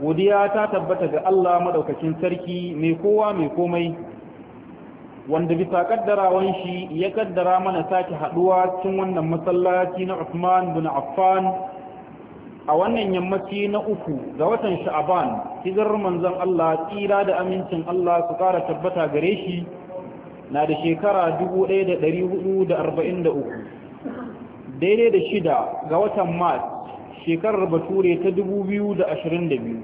godiya ta tabbata ga Allah madaukakin sarki mai kowa mai komai wanda bisa kaddarawan shi ya kaddara mana sake haduwa cikin wannan masallaci na Uthman bin Affan a wannan yammaci na uku ga watan Sha'aban hijirar manzon Allah tsira da amincin Allah su kara tabbata gare shi na da shekara 1443 daidai da shida ga watan Mars shekarar bature ta 2022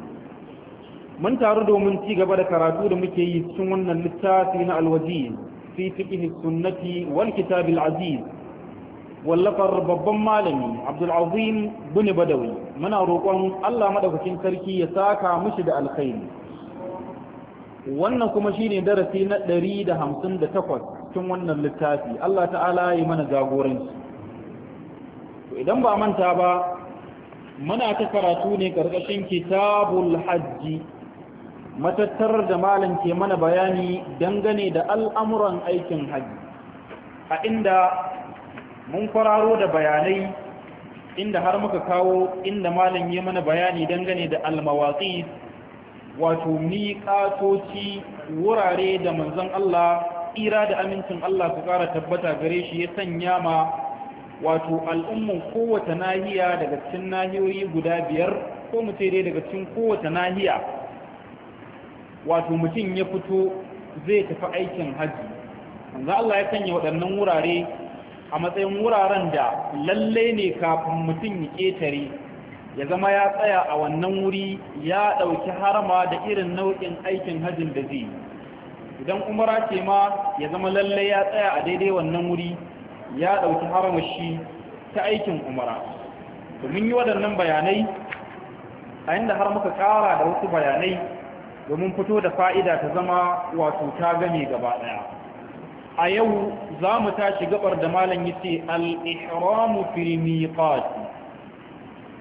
mun taru domin ci gaba da karatu da muke yi cikin wannan littafi na alwajiz fi fiqh sunnati wal kitab al aziz wallafar babban malami Abdul Azim bin Badawi muna roƙon Allah madaukakin sarki ya saka mishi da alkhairi wannan kuma shine darasi na 158 cikin wannan littafi Allah ta'ala ya mana jagoranci to idan ba manta ba muna ta karatu ne ƙarƙashin kitabul hajji matattarar da malam ke mana bayani dangane da al'amuran aikin hajji a inda mun kwararo da bayanai inda har muka kawo inda malam ya mana bayani dangane da almawatsi wato miƙatoci wurare da manzon Allah tsira da amincin Allah su ƙara tabbata gare shi ya sanya ma wato al'ummar kowace nahiya daga cikin nahiyoyi guda biyar ko mu ce dai daga cikin kowace nahiya wato mutum ya fito zai tafi aikin hajji. za Allah ya sanya waɗannan wurare a matsayin wuraren da lalle ne kafin mutum ya ƙetare, ya zama ya tsaya a wannan wuri ya ɗauki harama da irin nau'in aikin hajin da zai idan umara ce ma ya zama lalle ya tsaya a daidai wannan wuri ya ɗauki haramashi ta aikin umara domin yi waɗannan bayanai a inda har muka ƙara da wasu bayanai domin fito da fa'ida ta zama wato ta gane gaba ɗaya a yau za mu tashi gabar da malam yace al-ihramu fil miqat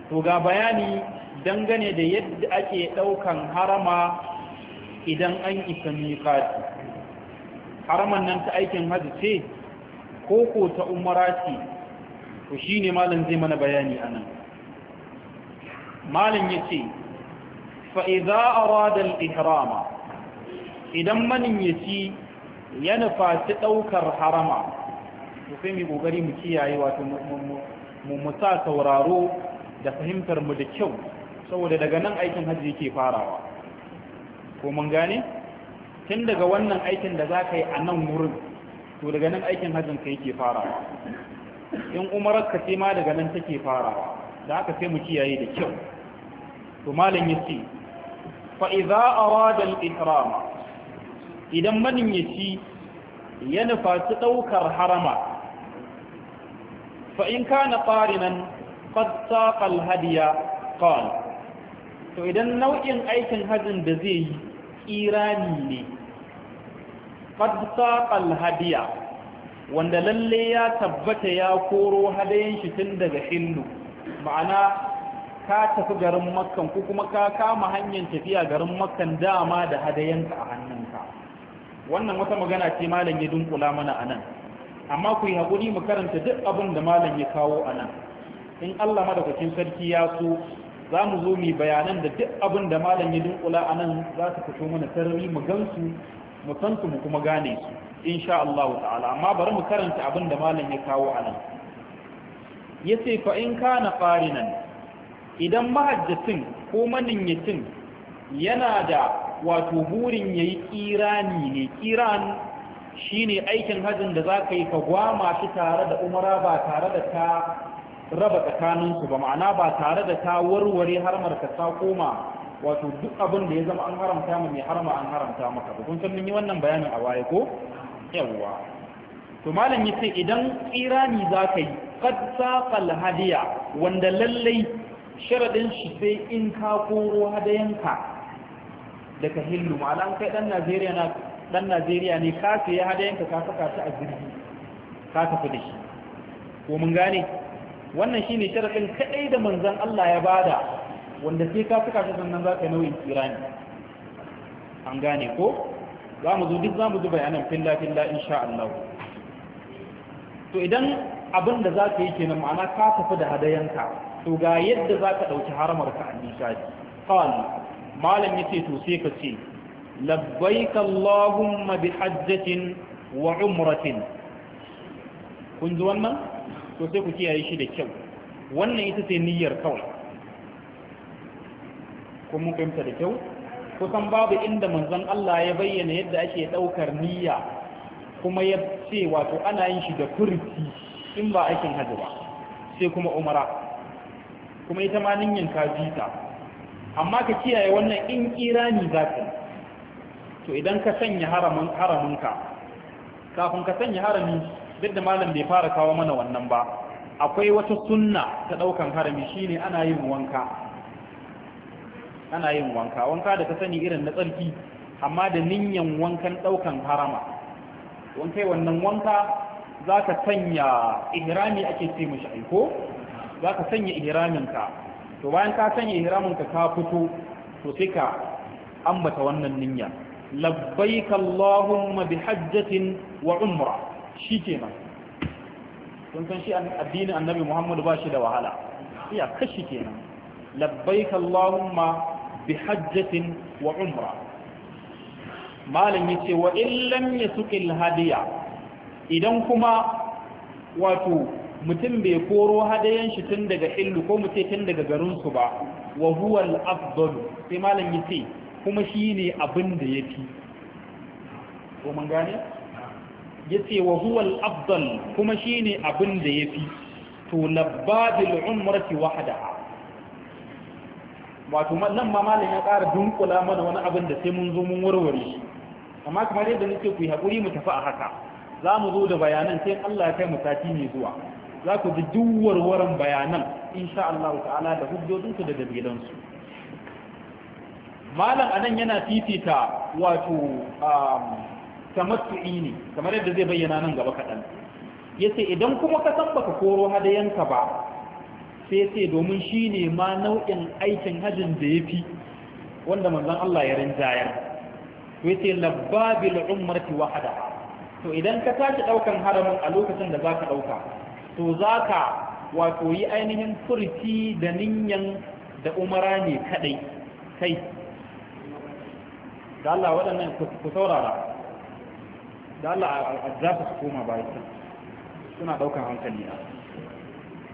to ga bayani dangane da yadda ake ɗaukan harama idan an isa miqat haraman nan ta aikin hajji ce ko ko ta umara ce to ne malam zai mana bayani anan malam ya ce, faiza a radar ihrama idan manin ya ci, ya nufaci ɗaukar harama to sai mai kokari mu kiyaye wato mu musa sauraro da fahimtar mu da kyau saboda daga nan aikin hajji yake farawa ko mun gane tun daga wannan aikin da za ka yi a nan wurin to daga nan aikin hajjin ka yake farawa in umarar ka ce ma daga nan take farawa da aka sai mu kiyaye da kyau to malam yace fa idza arada al-ihram idan maniyyaci ya nufa su daukar harama fa in kana qarinan qad saqa al-hadiya qala to idan nau'in aikin hajjin da zai yi kirani ne qad hadiya wanda lalle ya tabbata ya koro hadayen shi tun daga hindu ma'ana ka tafi garin makkan ko kuma ka kama hanyar tafiya garin makkan dama da hadayenka a hannunka wannan wata magana ce malam ya dunkula mana a nan amma ku yi haƙuri mu karanta duk abin da malam ya kawo a nan in allah madaukakin sarki ya so za mu zo mu bayanan da duk abin da malam ya dunkula a nan za su fito mana sarari mu gansu mu mu kuma gane su insha Allah ta'ala amma bari mu karanta abin da malam ya kawo a nan yace fa in kana qarinan idan mahajjatin ko maniyyatin yana da wato burin yayi kirani ne kiran shine aikin hajjin da zaka yi ka gwama shi tare da umara ba tare da ta raba tsakaninsu ba ma'ana ba tare da ta warware har marka ta koma wato duk abin da ya zama an haramta mu mai harama an haramta maka ba kun san mun yi wannan bayanin a waye ko yawwa to malam yace idan tsirani zaka yi qad saqal hadiya wanda lallai sharadin shi sai in ka koro hadayanka daga hillu malam kai dan Najeriya na dan Najeriya ne ka sai hadayanka ka saka shi a jirgi ka tafi da shi ko mun gane wannan shine sharadin kadai da manzon Allah ya bada wanda sai ka saka shi sannan za ka nauyin kirani an gane ko za mu zo za mu zo bayanan filla filla insha Allah to idan abin da za ka yi kenan ma'ana ka tafi da hadayanka to ga yadda za ka ɗauki haramar ka an nishadi kawai malam ya ce to sai ka ce labbaik Allahumma bi hajjatin wa umratin kun ji wannan to sai ku kiyaye shi da kyau wannan ita ce niyyar kawai ko mun fahimta da kyau kusan babu inda manzon Allah ya bayyana yadda ake daukar niyya kuma ya ce wato ana yin shi da kurki in ba aikin hajji ba sai kuma umara kuma ita ma ninyin ka jita amma ka kiyaye wannan in irani za ka to idan ka sanya haramin haraminka kafin ka sanya harami duk da malam bai fara kawo mana wannan ba akwai wata sunna ta daukan harami shine ana yin wanka ana yin wanka wanka da ka sani irin na tsarki amma da ninyan wankan ɗaukan harama wankai wannan wanka za ka sanya ihrami ake ce mashi aiko za ka sanya ihraminka to bayan ka sanya ihraminka ka fito to sai ka ambata wannan ninya labbaik allahumma bi hajjatin wa umra shikenan kun san shi addinin annabi muhammad ba shi da wahala iya kashi kenan labbaik allahumma bi hajjatin wa umra malam yace wa illam yasuqil hadiya idan kuma wato mutum bai koro hadayan shi tun daga illu ko mu ce tun daga garin su ba wa huwa al sai malam yace kuma shi ne abin da yafi ko mun gane yace wa huwa al-afdal kuma shine abin da yafi to labbabil umrati wahdaha wato nan ma malam ya ƙara dunkula mana wani abin da sai mun zo mun warware shi amma kamar yadda nake ku yi haƙuri mu tafi a haka za mu zo da bayanan sai Allah ya kai mu sati ne zuwa za ku ji duk bayanan insha Allah ta'ala da hujjojinsu da dalilansu malam anan yana fifita wato um, tamattu'i ne kamar yadda zai bayyana nan gaba kaɗan yace idan kuma ka san baka koro hadayanka ba sai ce domin shi ne ma nau'in aikin hajjin da ya fi wanda manzan Allah ya rinjayar to ya ce labbabil umarci wahada to idan ka tashi ɗaukan haramin a lokacin da za ka ɗauka to za ka wato yi ainihin furci da ninyan da umara ne kaɗai kai da Allah waɗannan ku saurara da Allah a za su koma bayan suna ɗaukan hankali na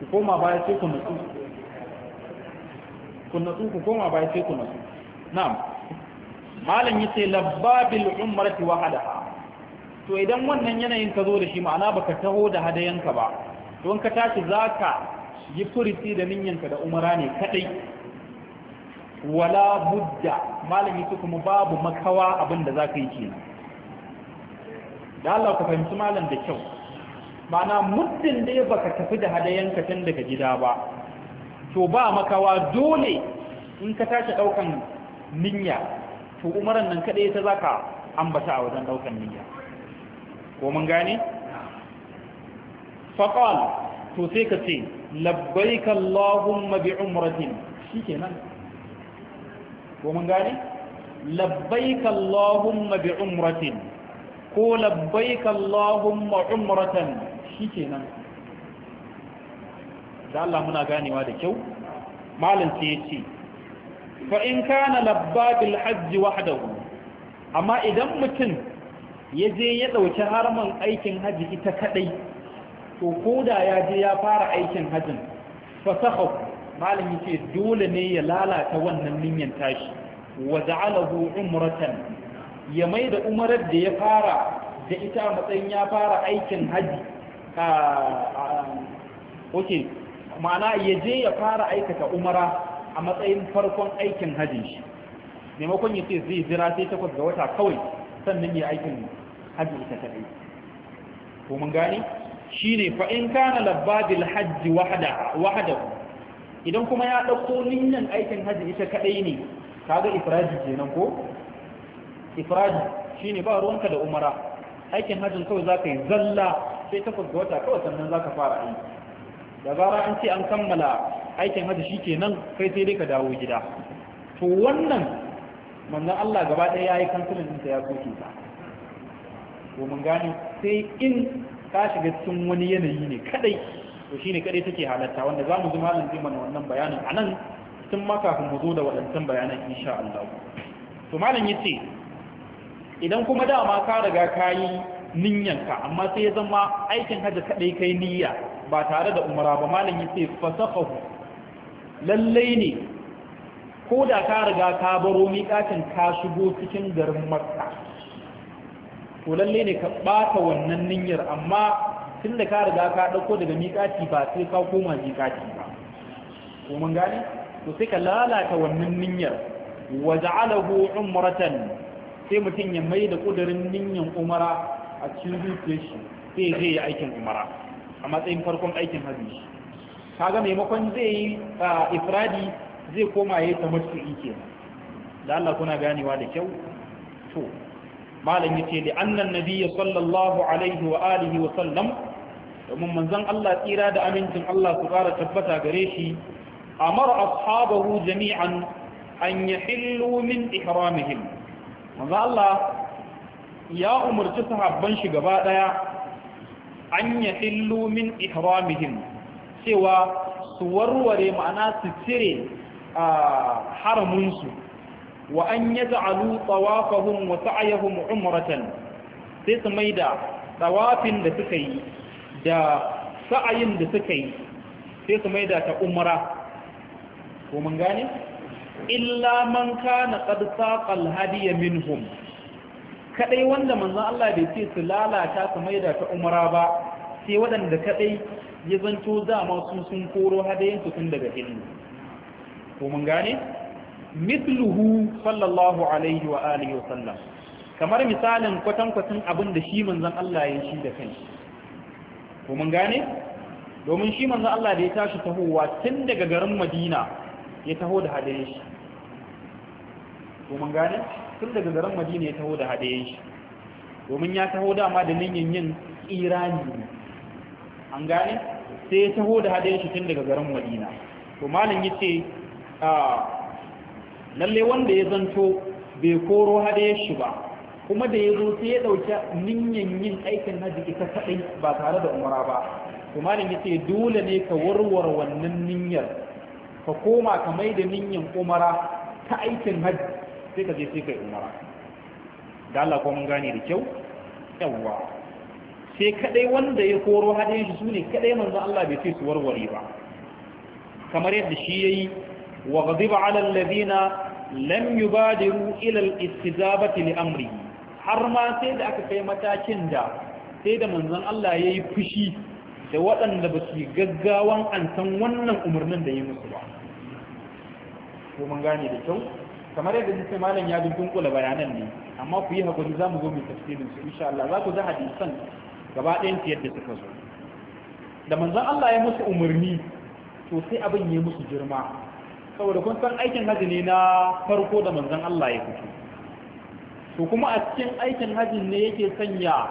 ku koma baya sai ku nutsu ku nutsu ku koma baya sai ku nutsu na'am malam yace labbabil umrati to idan wannan yanayin ka zo da shi ma'ana baka taho da hadayanka ba don ka tashi zaka yi furiti da ninyanka da umara ne kadai wala budda Malam su kuma babu makawa abin da za ka yi kenan da Allah ka fahimci malam da kyau mana muddin da baka tafi da hadayanka tun daga gida ba to ba makawa dole in ka tashi daukan niyya to umaran nan kadai ta zaka ambata a wajen daukan niyya ko mun gane faqal to sai ka ce labbaik allahumma bi umratin shikenan ko mun gane labbaik allahumma bi umratin ko labbaik allahumma umratan shi kenan da Allah muna ganewa da kyau malam sai ya ce fa in kana labbabil hajji wahdahu amma idan mutum ya je ya ɗauki harman aikin haji ita kadai to koda ya je ya fara aikin hajin fa sahab malam dole ne ya lalata wannan niyyan tashi wa ja'alahu umratan ya maida umarar da ya fara da ita matsayin ya fara aikin haji ok ma'ana ya je ya fara aikata umara a matsayin farkon aikin hajjin shi maimakon ya ce zai jira sai takwas ga wata kawai sannan ya aikin hajji ita ɗai ko mun gane shi ne fa'in kana labbabil hajji wahada idan kuma ya ɗauko niyan aikin hajji ita kaɗai ne ifiraji ifraji nan ko ifiraji shi ne ba ruwanka da umara aikin hajjin kawai za ka yi zalla sai takwas ga wata kawai sannan za ka fara aiki da zara an ce an kammala aikin hajji shi ke nan kai sai dai ka dawo gida to wannan manzan Allah gaba ɗaya ya yi kansulin ɗinsa ya soke ta to mun gane sai in ka shiga cikin wani yanayi ne kadai to shine kadai take halatta wanda za mu ji nan zai mana wannan bayanin nan tun ma kafin mu zo da waɗancan bayanan insha Allah to malam yace idan kuma dama ka riga ka yi ninyanka amma sai ya zama aikin hajji kadai kai niyya ba tare da umara ba malam yace fasafahu lalle ne ko da ka riga ka baro miƙatin ka shigo cikin garin makka to lalle ne ka bata wannan niyyar amma tun da ka riga ka dauko daga miƙati ba sai ka koma miƙati ba ko mun gane to sai ka lalata wannan niyyar waja'alahu umratan sai mutum ya mai da kudurin niyyar umara a cikin zuciyar shi sai zai yi aikin umara a matsayin farkon aikin hajji kaga maimakon zai yi ifradi zai koma ya yi tamattu'i kenan da Allah kuna ganewa da kyau to malam yace da annan nabiyyi sallallahu alaihi wa alihi wa sallam domin manzon Allah tsira da amincin Allah su fara tabbata gare shi amara ashabahu jami'an an yahillu min ihramihim manzon Allah ya umarci sahabban shi gaba daya an ya illu min ihramihim cewa su warware ma'ana su cire a haramunsu wa an ya za'alu tsawafahun wa sa'ayahun umratan sai su mai da da suka yi da sa'ayin da suka yi sai su mai da ta umra ko mun gane illa man kana qad saqa al-hadiya minhum kadai wanda manzon Allah bai ce su lalata su maida ta umara ba sai waɗanda kadai ya zanto dama su sun koro hadayen su tun daga hillu ko mun gane mithluhu sallallahu alaihi wa alihi wa sallam kamar misalin kwatan abin da shi manzon Allah ya shi da kai ko mun gane domin shi manzon Allah da ya tashi tahowa tun daga garin Madina ya taho da hadayen shi ko mun gane tun daga garin madina ya taho da hadayen shi domin ya taho dama da ninyin yin irani an gane sai ya taho da hadayen shi tun daga garin madina to malam yace a lalle wanda ya zanto bai koro hadayen shi ba kuma da ya zo sai ya ɗauki ninyin yin aikin haji ita kadai ba tare da umara ba to malam yace dole ne ka warware wannan niyyar ka koma ka mai da ninyin umara ta aikin haji sai ka je sai kai umara da Allah ko mun gane da kyau yawwa sai kadai wanda ya koro hadayen shi sune kadai manzo Allah bai sai su warware ba kamar yadda shi yayi wa ghadiba ala alladhina lam yubadiru ila al-istijabati li amri har ma sai da aka kai matakin da sai da manzon Allah yayi fushi da waɗanda ba su gaggawan an san wannan umarnin da ya musu ba ko mun gane da kyau kamar yadda nake malam ya bin dunkula bayanan ne amma ku yi hakuri za mu zo mu tafsirin su insha Allah za ku za hadisan gaba ɗayan su yadda suka zo da manzon Allah ya musu umarni to sai abin ya musu girma saboda kun san aikin haji ne na farko da manzon Allah ya fito to kuma a cikin aikin hajin ne yake sanya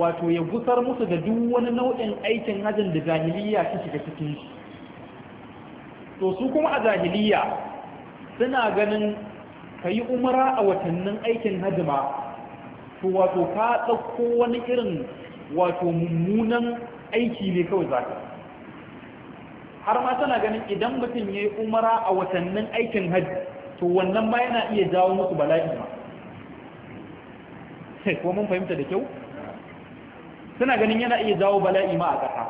wato ya gusar musu da duk wani nau'in aikin hajin da jahiliya ta shiga cikin shi to su kuma a jahiliya suna ganin ka yi umara a watannin aikin hajjima to wato ka ɗauko wani irin wato mummunan aiki ne kawai za ka har ma suna ganin idan mutum ya yi umara a watannin aikin hajji to wannan ma yana iya jawo musu bala'i ma ko mun fahimta da kyau suna ganin yana iya jawo bala'i ma a ƙasa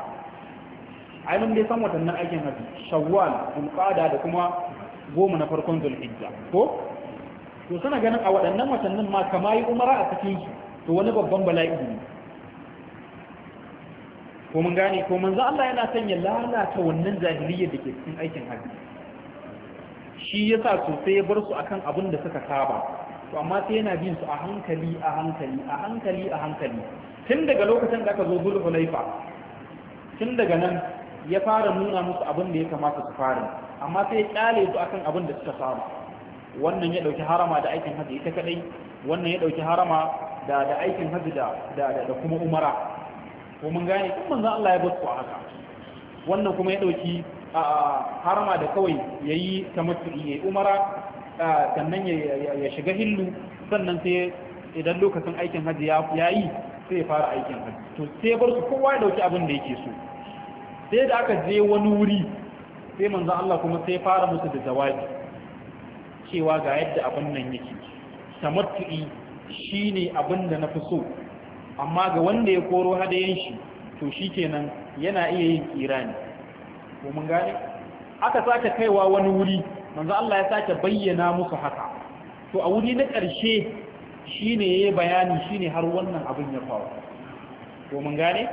ainihin dai san watannin aikin hajji shawwal bulƙada da kuma goma na farkon zulhijja ko to sana ganin a waɗannan watannin ma kama yi umara a cikin su to wani babban bala'i ne ko mun gane ko manzo Allah yana sanya ya lalata wannan jahiliyyar da ke cikin aikin haji shi yasa sosai ya bar su akan abin da suka saba to amma sai yana bin su a hankali a hankali a hankali a hankali tun daga lokacin da aka zo zulhulaifa tun daga nan ya fara nuna musu abin da ya kamata su fara amma sai kyale su akan abin da suka samu wannan ya dauki harama da aikin haji ita kadai wannan ya dauki harama da da aikin haji da da kuma umara ko mun gane kuma manzo Allah ya bar haka wannan kuma ya dauki harama da kawai yayi tamattu'i yayi umara sannan ya shiga hillu sannan sai idan lokacin aikin haji ya yi sai ya fara aikin haji. to sai bar su kowa ya dauki abin da yake so sai da aka je wani wuri sai manzo Allah kuma sai fara musu da jawabi cewa ga yadda abin nan yake tamattu'i shine abin da na fi so amma ga wanda ya koro hadayen shi to shikenan yana iya yin kirani ko mun gane aka sake kaiwa wani wuri manzo Allah ya sake bayyana musu haka to a wuri na ƙarshe shine yayi bayani shine har wannan abin ya faru ko mun gane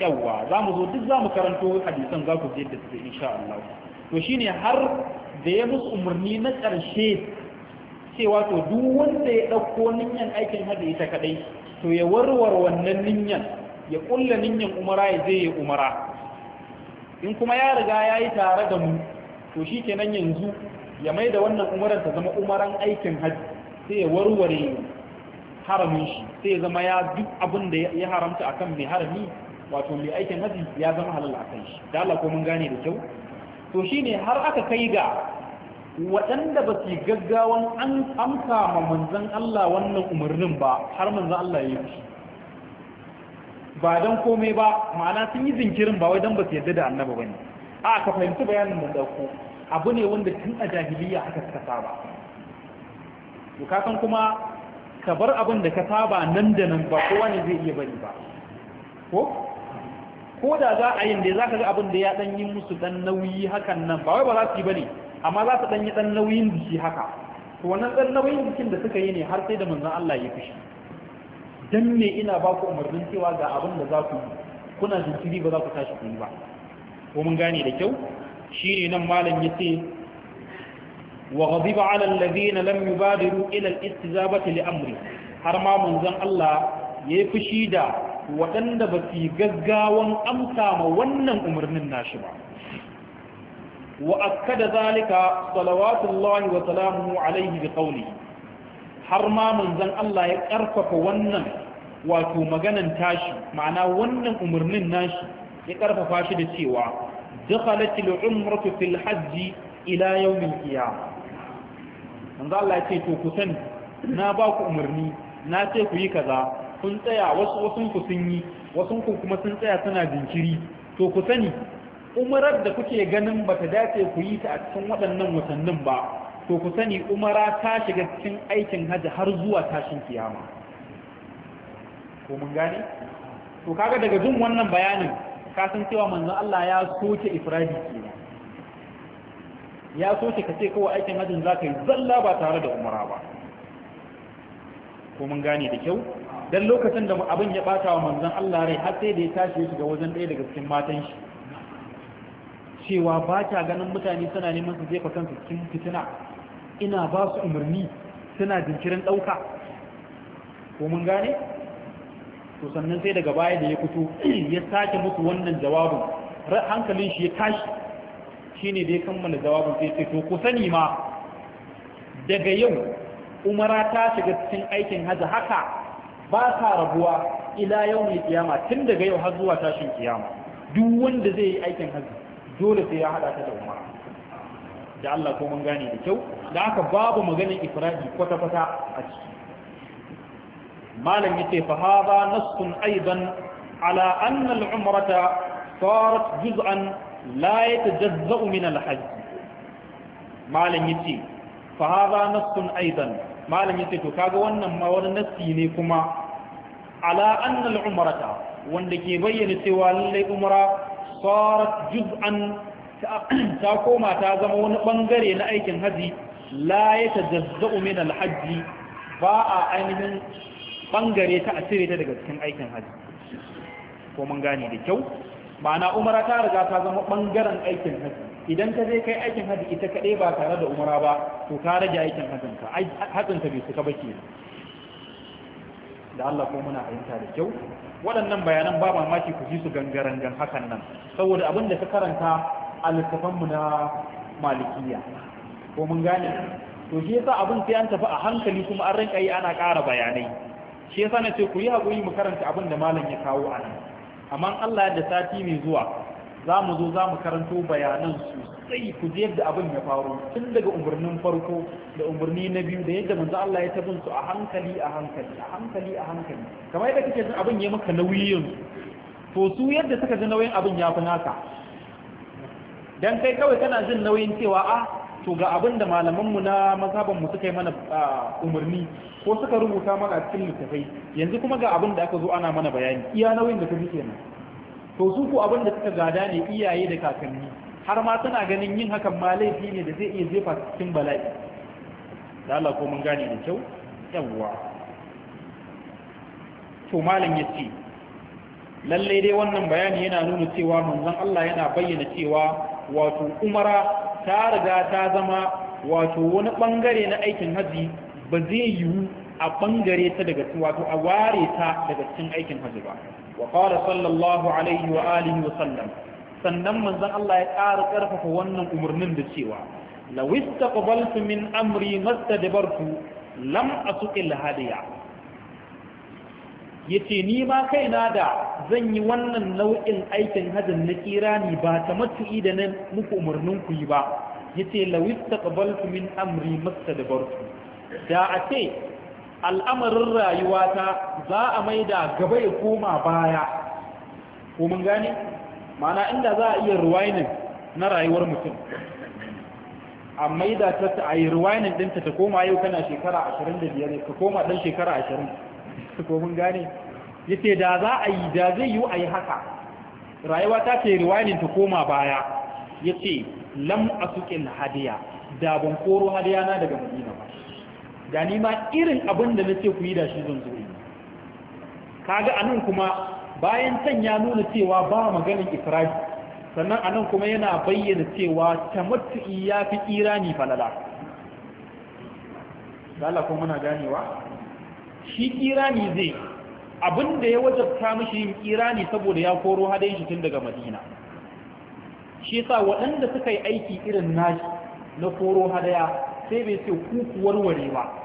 yawa za mu zo duk za mu karanto hadisan za ku je da suke insha Allah to shi ne har da ya musu umarni na ƙarshe cewa to duk wanda ya ɗauko ninyan aikin hajji ita kaɗai, to ya warware wannan ninyan ya ƙulla ninyan umara ya je ya umara in kuma ya riga ya yi tare da mu to shi kenan yanzu ya mai da wannan umaran ta zama umaran aikin hajji sai ya warware haramin shi sai ya zama ya duk abin da ya haramta akan mai harami wato mai aikin haji ya zama halal a kai shi da Allah ko mun gane da kyau to shine har aka kai ga waɗanda ba su gaggawan an amsa ma manzon Allah wannan umarnin ba har manzon Allah ya yi ba dan komai ba ma'ana sun yi zinkirin ba wai dan ba su yarda da annabi bane a ka fahimci bayanin da dauko abu ne wanda tun a jahiliya aka suka saba to ka san kuma ka bar abin da ka saba nan da nan ba kowa ne zai iya bari ba ko ko da za a yin da za ka ga abin da ya danyi yi musu ɗan nauyi hakan nan ba wai ba za su yi ba ne amma za su ɗan yi ɗan nauyin jiki haka to wannan ɗan nauyin jikin da suka yi ne har sai da manzon Allah ya fushi dan me ina ba ku umarnin cewa ga abin da za ku yi kuna jinkiri ba za ku tashi ku yi ba ko mun gane da kyau shine nan malam yace wa ghadiba ala alladhina lam yubadiru ila al amri har ma manzon Allah yayi fushi da waɗanda ba su gaggawan amsa ma wannan umarnin nashi ba wa da zalika salawatullahi wa salamuhu alaihi bi qawli har ma manzon Allah ya ƙarfafa wannan wato maganan tashi ma'ana wannan umarnin nashi ya ƙarfafa shi da cewa dakhalat al-umratu fil hajj ila yawm al-qiyamah manzon Allah ya ce to ku sani na ba ku umarni na ce ku yi kaza kun tsaya wasu sun ku sun yi wasu ku kuma sun tsaya suna jinkiri to ku sani umarar da kuke ganin ba ta dace ku yi ta a cikin waɗannan watannin ba to ku sani umara ta shiga cikin aikin hajji har zuwa tashin kiyama ko mun gane to kaga daga jin wannan bayanin ka san cewa manzon Allah ya soke ifradi kenan ya soke ka ce kawai aikin hajjin zaka yi zalla ba tare da umara ba ko mun gane da kyau dan lokacin da abin ya bata wa manzon Allah rai har sai da ya tashi shi ga wajen ɗaya daga cikin matan shi cewa ba ta ganin mutane suna neman su jefa kansu cikin fitina ina ba su umarni suna jinkirin ɗauka ko mun gane to sannan sai daga baya da ya fito ya sake musu wannan jawabin hankalin shi ya tashi shine da ya kammala jawabin sai sai to ku sani ma daga yau umara ta shiga cikin aikin hajji haka ba sa rabuwa ila mai kiyama tun daga yau har zuwa tashin kiyama duk wanda zai yi aikin hajji dole sai ya hada ta da umara da Allah ko mun gane da kyau da aka babu maganin ifradi kwata kwata a ciki malam yace fa hada nassun aidan ala anna al-umrata sarat juz'an la yatajazza min al-hajj malam yace fa hada nassun aidan malam yace to kaga wannan ma wani nassi ne kuma ala anna al-umrata wanda ke bayyana cewa lalle umra sarat juz'an ta koma ta zama wani bangare na aikin haji la ya tajazza'u min al ba a ainihin bangare ta a cire ta daga cikin aikin haji ko mun gane da kyau ma'ana umara ta riga ta zama bangaren aikin haji idan ka je kai aikin haji ita kaɗai ba tare da umara ba to ka rage aikin hajjinka hajjinka bai suka ke. da Allah ko muna fahimta da kyau waɗannan bayanan ba mamaki ku ji su gangaren gan hakan nan saboda abin da ka karanta a littafanmu na malikiya ko mun gane to shi yasa abin sai an tafi a hankali kuma an rinka yi ana ƙara bayanai shi yasa na ce ku yi haƙuri mu karanta abin da malam ya kawo a nan amma Allah da sati mai zuwa za mu zo za mu karanto bayanan sosai ku je yadda abin ya faru tun daga umarnin farko da umarni na biyu da yadda manzo Allah ya tabin su a hankali a hankali a hankali a hankali kamar yadda kake jin abin ya maka nauyin to su yadda suka ji nauyin abin ya fi naka dan kai kawai kana jin nauyin cewa a ah, to ga abin da malaman mu na mazhaban mu suka yi mana umarni ko suka rubuta mana cikin littafai yanzu kuma ga abin da aka zo ana mana bayani iya nauyin da kake kenan to su ku abin da suka gada ne iyaye da kakanni har ma suna ganin yin hakan ma laifi ne da zai iya jefa cikin bala'i da Allah ko mun gane da kyau yawwa to malam yace lalle dai wannan bayani yana nuna cewa manzon Allah yana bayyana cewa wato umara ta riga ta zama wato wani bangare na aikin haji ba zai yiwu a bangare ta daga wato a ware ta daga cikin aikin hajji ba wa qala sallallahu alaihi wa alihi wa sallam sannan manzon Allah ya ƙara ƙarfafa wannan umarnin da cewa law istaqbaltu min amri mastadbartu lam asuqil hadiya yace ni ma kaina da zan yi wannan nau'in aikin hajjin na kirani ba ta matu'i da nan muku umarnin ku yi ba yace law istaqbaltu min amri mastadbartu da a ce al'amarin rayuwata za a maida gaba ya koma baya ko mun gane mana inda za a iya rewinding na rayuwar mutum a maida ta a yi rewinding ɗinta ta koma yau kana shekara 25 ka koma ɗan shekara 20 ko mun gane yace da za a yi da zai yi a yi haka rayuwa ta ce rewinding ta koma baya yace lam asuqil hadiya da ban koro hadiya na daga madina ba da ni ma irin abin da na ce ku yi da shi zan zo yi kaga anan kuma bayan can ya nuna cewa ba maganin ifradi sannan anan kuma yana bayyana cewa tamattu'i ya fi kirani falala dala kuma muna ganewa shi irani zai abin da ya wajabta mashi yin kirani saboda ya koro hadayin shi tun daga madina shi yasa waɗanda suka yi aiki irin nashi na koro hadaya sai bai ce ku warware ba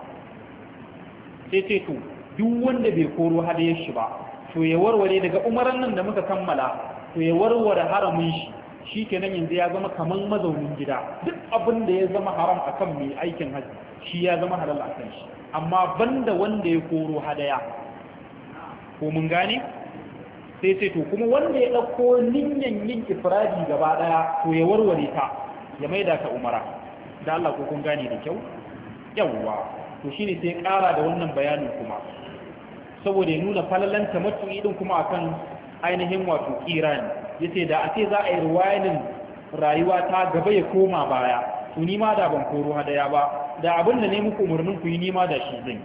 sai ce to duk wanda bai koro hadayar shi ba to ya warware daga umaran nan da muka kammala to ya warware haramin shi shi kenan yanzu ya zama kamar mazaunin gida duk abin da ya zama haram akan mai aikin haji shi ya zama halal akan shi amma banda wanda ya koro hadaya ko mun gane sai sai to kuma wanda ya ɗauko niyyan yin ifradi gaba ɗaya to ya warware ta ya maida ta umara da Allah ko kun gane da kyau yawwa to shine sai ƙara da wannan bayanin kuma saboda ya nuna falalanta matuƙi din kuma akan ainihin wato iran yace da ce za a yi riwayanin rayuwa ta gaba ya koma baya to ni ma da ban koro hadaya ba da abin da ne muku umarnin ku yi ni ma da shi zan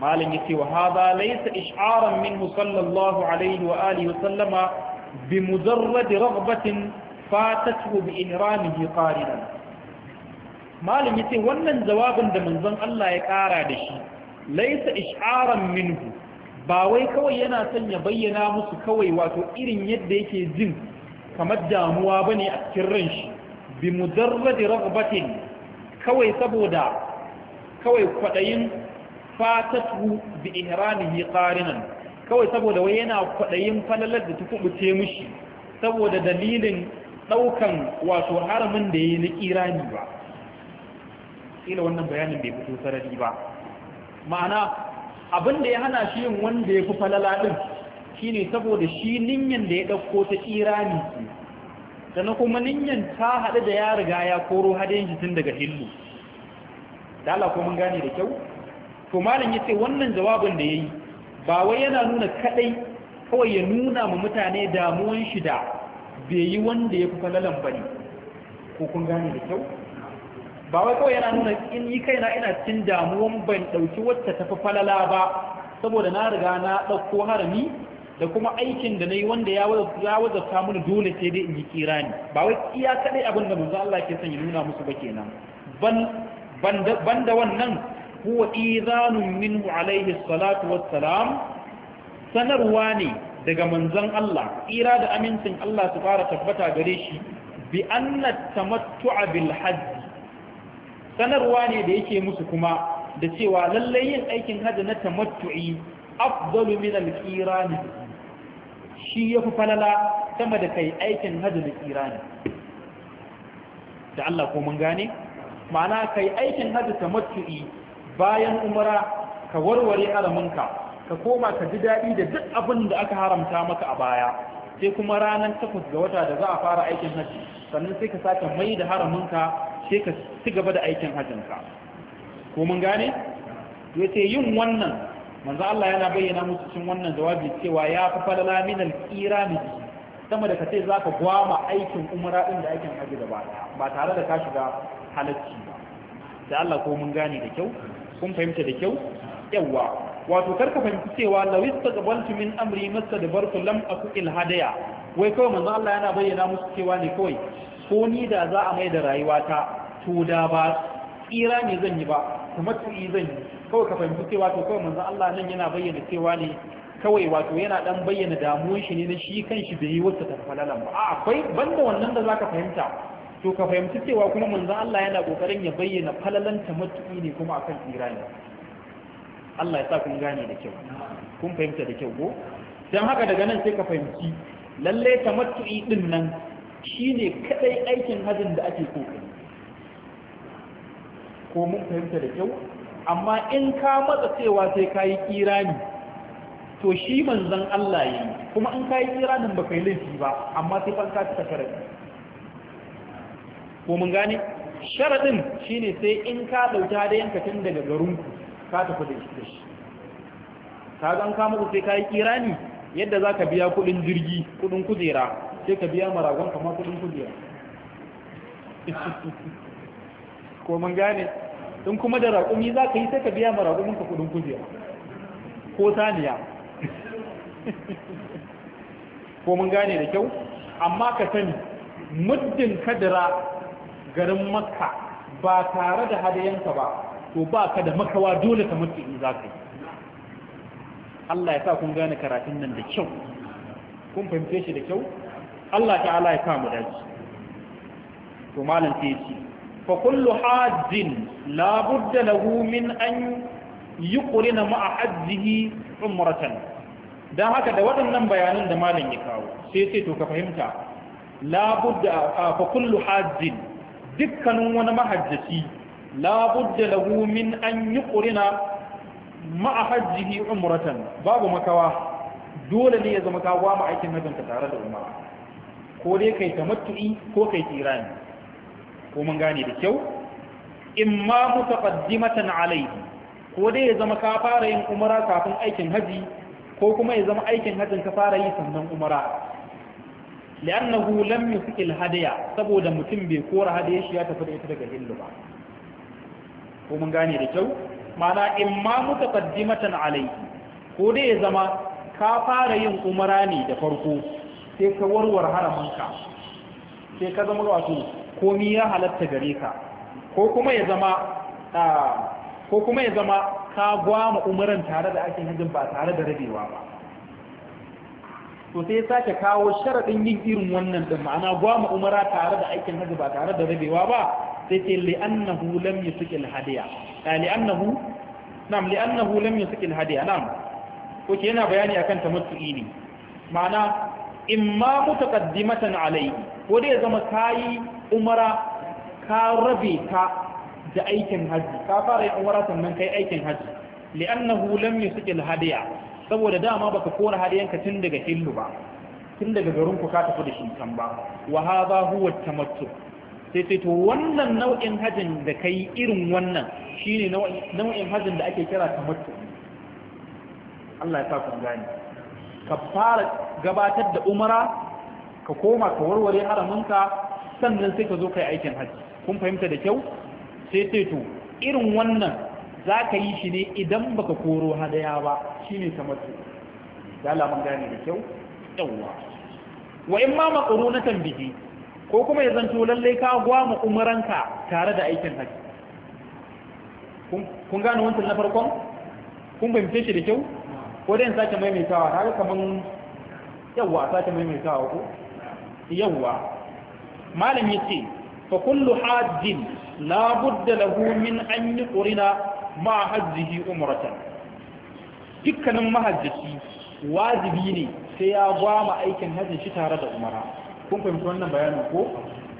malam yace wa hadha laysa ish'aran minhu sallallahu alaihi wa alihi wa sallama bi mujarrad raghbatin fatatuhu bi ihramihi qarinan malumi ce wannan jawabin da manzon Allah ya ƙara da shi laisa ish'aran minhu ba wai kawai yana son ya bayyana musu kawai wato irin yadda yake jin kamar damuwa bane a cikin ran shi bi mujarradi raghbatin kawai saboda kawai kwadayin fatatu bi ihranihi qarinan kawai saboda wai yana kwadayin falalar da ta kubuce mishi saboda dalilin daukan wato haramin da yayi na irani ba kila wannan bayanin bai fito sarari ba ma'ana abin da ya hana shi yin wanda ya fi falala din shine saboda shi ninyan da ya dauko ta irani ce sannan kuma ninyan ta haɗu da ya riga ya koro hadin shi tun daga hillu da Allah ko mun gane da kyau to malam yace wannan jawabin da yayi ba wai yana nuna kadai kawai ya nuna ma mutane damuwan shi da bai yi wanda ya fi falalan bane ko kun gane da kyau ba wai kawai yana nuna in yi kaina ina cikin damuwan ban ɗauki wacce tafi falala ba saboda na riga na ɗauko harami da kuma aikin da na yi wanda ya wazarta mini dole sai dai in yi kira ni ba wai iya kaɗai abin da manzo Allah ke sanya nuna musu ba kenan ban da wannan huwa izanun minhu alaihi salatu wassalam sanarwa ne daga manzon Allah ira da amincin Allah su fara tabbata gare shi bi anna tamattu'a bil hajj sanarwa ne da yake musu kuma da cewa lallai yin aikin hajji na tamattu'i afdalu min al-qirani shi yafi falala sama da kai aikin hajji na qirani da Allah ko mun gane ma'ana kai aikin hajji tamattu'i bayan umara ka warware haraminka ka koma ka ji daɗi da duk abin da aka haramta maka a baya sai kuma ranar takwas ga wata da za a fara aikin hajji sannan sai ka sake mai da haraminka sai ka ci gaba da aikin hajjinka ko mun gane yace yin wannan manzo Allah yana bayyana musu cikin wannan jawabi cewa ya fa falala min al-qirani sama da ce zaka gwama aikin umra din da aikin haji gaba ba tare da ka shiga halacci ba da Allah ko mun gane da kyau kun fahimta da kyau yawa wato karka fahimci cewa lawis taqabaltu min amri masa da barku lam aku il hadaya wai kawai manzo Allah yana bayyana musu cewa ne kawai ko ni da za a mai da rayuwata to da ba tsira ne zan yi ba kuma tu'i zan yi kawai ka fahimci cewa to kawai manzo Allah nan yana bayyana cewa ne kawai wato yana dan bayyana damuwar shi ne na shi kanshi bai yi wata tafalalan ba a akwai banda wannan da zaka fahimta to ka fahimci cewa kuma manzo Allah yana kokarin ya bayyana falalan tamattu'i ne kuma akan tsira ne Allah ya sa kun gane da kyau kun fahimta da kyau ko dan haka daga nan sai ka fahimci lalle tamattu'i din nan shine kadai aikin hajjin da ake kokari ko mun fahimta da kyau amma in ka matsa cewa sai ka yi kirani to shi manzan Allah yi kuma in ka yi kiranin ba kai laifi ba amma sai fanka ta sharaɗi ko mun gane shi shine sai in ka ɗauta da yanka tun daga garinku ka tafi da shi ka zan ka ku sai ka yi kirani yadda za ka biya kudin jirgi kudin kujera sai ka biya maragon kama kudin kujera ko mun gane in kuma da raƙumi za ka yi sai ka biya ka kudin kujera ko saniya ko mun gane da kyau amma ka sani muddin kadira garin makka ba tare da hadayenka ba to ba ka da makawa dole ka mutu in za ka yi Allah ya sa kun gane karatun nan da kyau kun fahimce shi da kyau Allah ta'ala ya kama daji to malam sai ce fa kullu hajjin la budda lahu min an yuqrina ma'a hajjihi umratan dan haka da waɗannan bayanan da malam ya kawo sai sai to ka fahimta la budda fa kullu hajjin dukkanin wani mahajjaci la budda lahu min an yuqrina ma'a hajjihi umratan babu makawa dole ne ya zama ka gwama aikin tare da umara ko dai kai ta tamattu'i ko kai tirani ko mun gane da kyau in ma mutaqaddimatan alayhi ko dai ya zama ka fara yin umara kafin aikin haji ko kuma ya zama aikin hajjin ka fara yi sannan umara li'annahu lam yusikil hadiya saboda mutum bai kora hadiyar shi ya tafi da ita daga hillu ba ko mun gane da kyau mana in ma matan alai ko dai ya zama ka fara yin umara ne da farko sai ka warware haramanka sai ka zama wato komi ya halatta gare ka ko kuma ya zama ko kuma ya zama ka gwama umaran tare da ake hajjin ba tare da rabewa ba to sai sake kawo sharaɗin yin irin wannan din ma'ana gwama umara tare da aikin hajji ba tare da rabewa ba sai ce li'annahu lam yusqil hadiya eh, li'annahu nam li'annahu lam yusqil hadiya nam ko ke yana bayani akan tamattu'i ne ma'ana imma mutaqaddimatan alai ko dai zama kai umara ka rabe ta da aikin haji ka fara yin umara sannan kai aikin haji li'annahu lam yusqil hadiya saboda dama baka kora hadiyanka tun daga hillu ba tun daga garin ku ka tafi da shi ba wa hadha huwa tamattu' sai sai to wannan nau'in hajjin da ka yi irin wannan shi ne nau'in hajjin da ake kira kamar Allah ya sa kun gane ka fara gabatar da umara ka koma ka warware haramunka, sannan sai ka zo ka yi aikin hajji kun fahimta da kyau sai sai to irin wannan za ka yi shi ne idan baka koro hadaya ba shi ne kamar Ya da Allah gane da kyau yawwa wa in ma na bihi ko kuma ya zanto lallai ka gwama umaranka tare da aikin haji kun gane wancan na farkon kun bai shi da kyau ko dai sake maimaitawa haka kaman yawwa sake maimaitawa ko yawwa malam yace fa kullu hajjin la budda lahu min an yuqrina ma hajjihi umratan dukkanin mahajjaci wajibi ne sai ya gwama aikin hajjin shi tare da umara kun fahimci wannan bayanin ko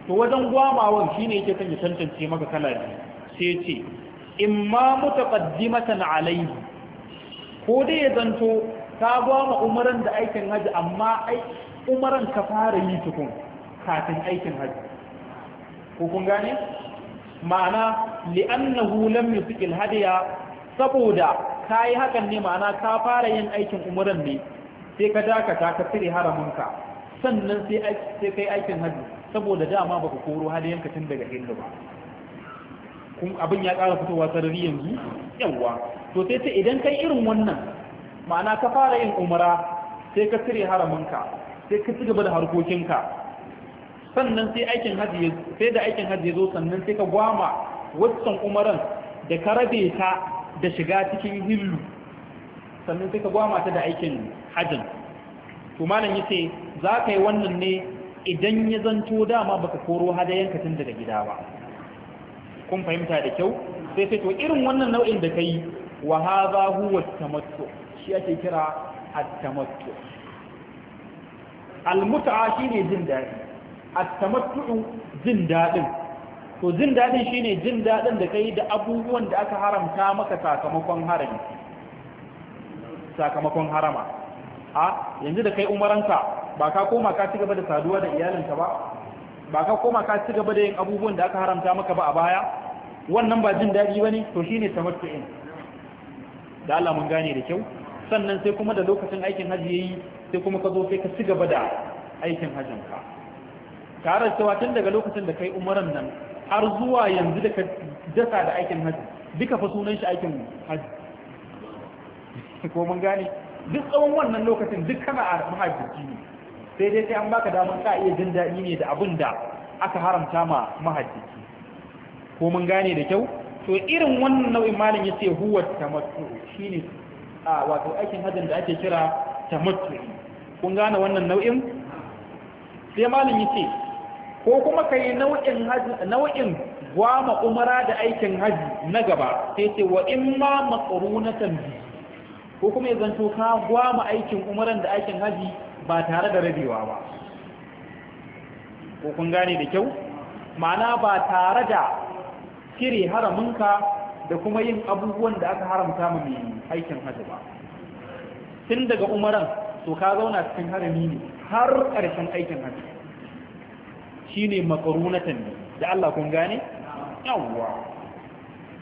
to wajen gwamawan shine yake kan ya tantance maka kala ne sai ce imma mutaqaddimatan alayhi ko dai ya zanto ka gwama umaran da aikin haji amma ai umaran ka fara yi tukun kafin aikin haji ko kun gane ma'ana li'annahu lam yusiqil hadiya saboda kai hakan ne ma'ana ka fara yin aikin umaran ne sai ka dakata ka tsire haramunka sannan sai kai aikin hajji saboda dama ba baka koro hadayenka tun daga hindu ba kun abin ya ƙara fitowa sarari yanzu yawa to sai ta idan kai irin wannan ma'ana ka fara yin umara sai ka cire haraminka sai ka cigaba da harkokinka sannan sai aikin hajji sai da aikin hajji zo sannan sai ka gwama waccan umaran da ka rabe ta da shiga cikin hillu sannan sai ka gwama ta da aikin hajjin to malam ce, za ka yi wannan ne idan ya zanto dama baka koro hadayenka tun daga gida ba kun fahimta da kyau sai sai to irin wannan nau'in da kai wa hadha huwa tamattu shi ake kira at-tamattu al shi shine jin dadi at-tamattu jin daɗin, to jin shi ne jin daɗin da kai da abubuwan da aka haramta maka sakamakon harami sakamakon harama a yanzu da kai umaranka ba ka koma ka ci gaba da saduwa da iyalinka ba ba ka koma ka ci gaba da yin abubuwan da aka haramta maka ba a baya wannan ba jin daɗi ba ne to shi ne tamattu'in da Allah mun gane da kyau sannan sai kuma da lokacin aikin hajji ya yi sai kuma ka zo sai ka ci gaba da aikin ka tare da cewa tun daga lokacin da kai umaran nan har zuwa yanzu da ka dasa da aikin hajji duka fa sunan shi aikin hajji ko mun gane duk tsawon wannan lokacin duk kana a mahaifici ne sai dai sai an baka damar ka iya jin daɗi ne da abin da aka haramta ma mahaifici ko mun gane da kyau to irin wannan nau'in malam ya ce huwa tamattu shine a wato aikin hajjin da ake kira tamattu kun gane wannan nau'in sai malam ya ce ko kuma ka yi nau'in nau'in gwama umara da aikin hajji na gaba sai ce wa in ma maqrunatan bihi ko kuma ya zanto ka gwama aikin umaran da aikin haji ba tare da rabewa ba ko kun gane da kyau ma'ana ba tare da kire ka da kuma yin abubuwan da aka haramta mu mai aikin haji ba tun daga umaran to ka zauna cikin harami ne har ƙarshen aikin haji shine makarunatan ne da Allah kun gane yawwa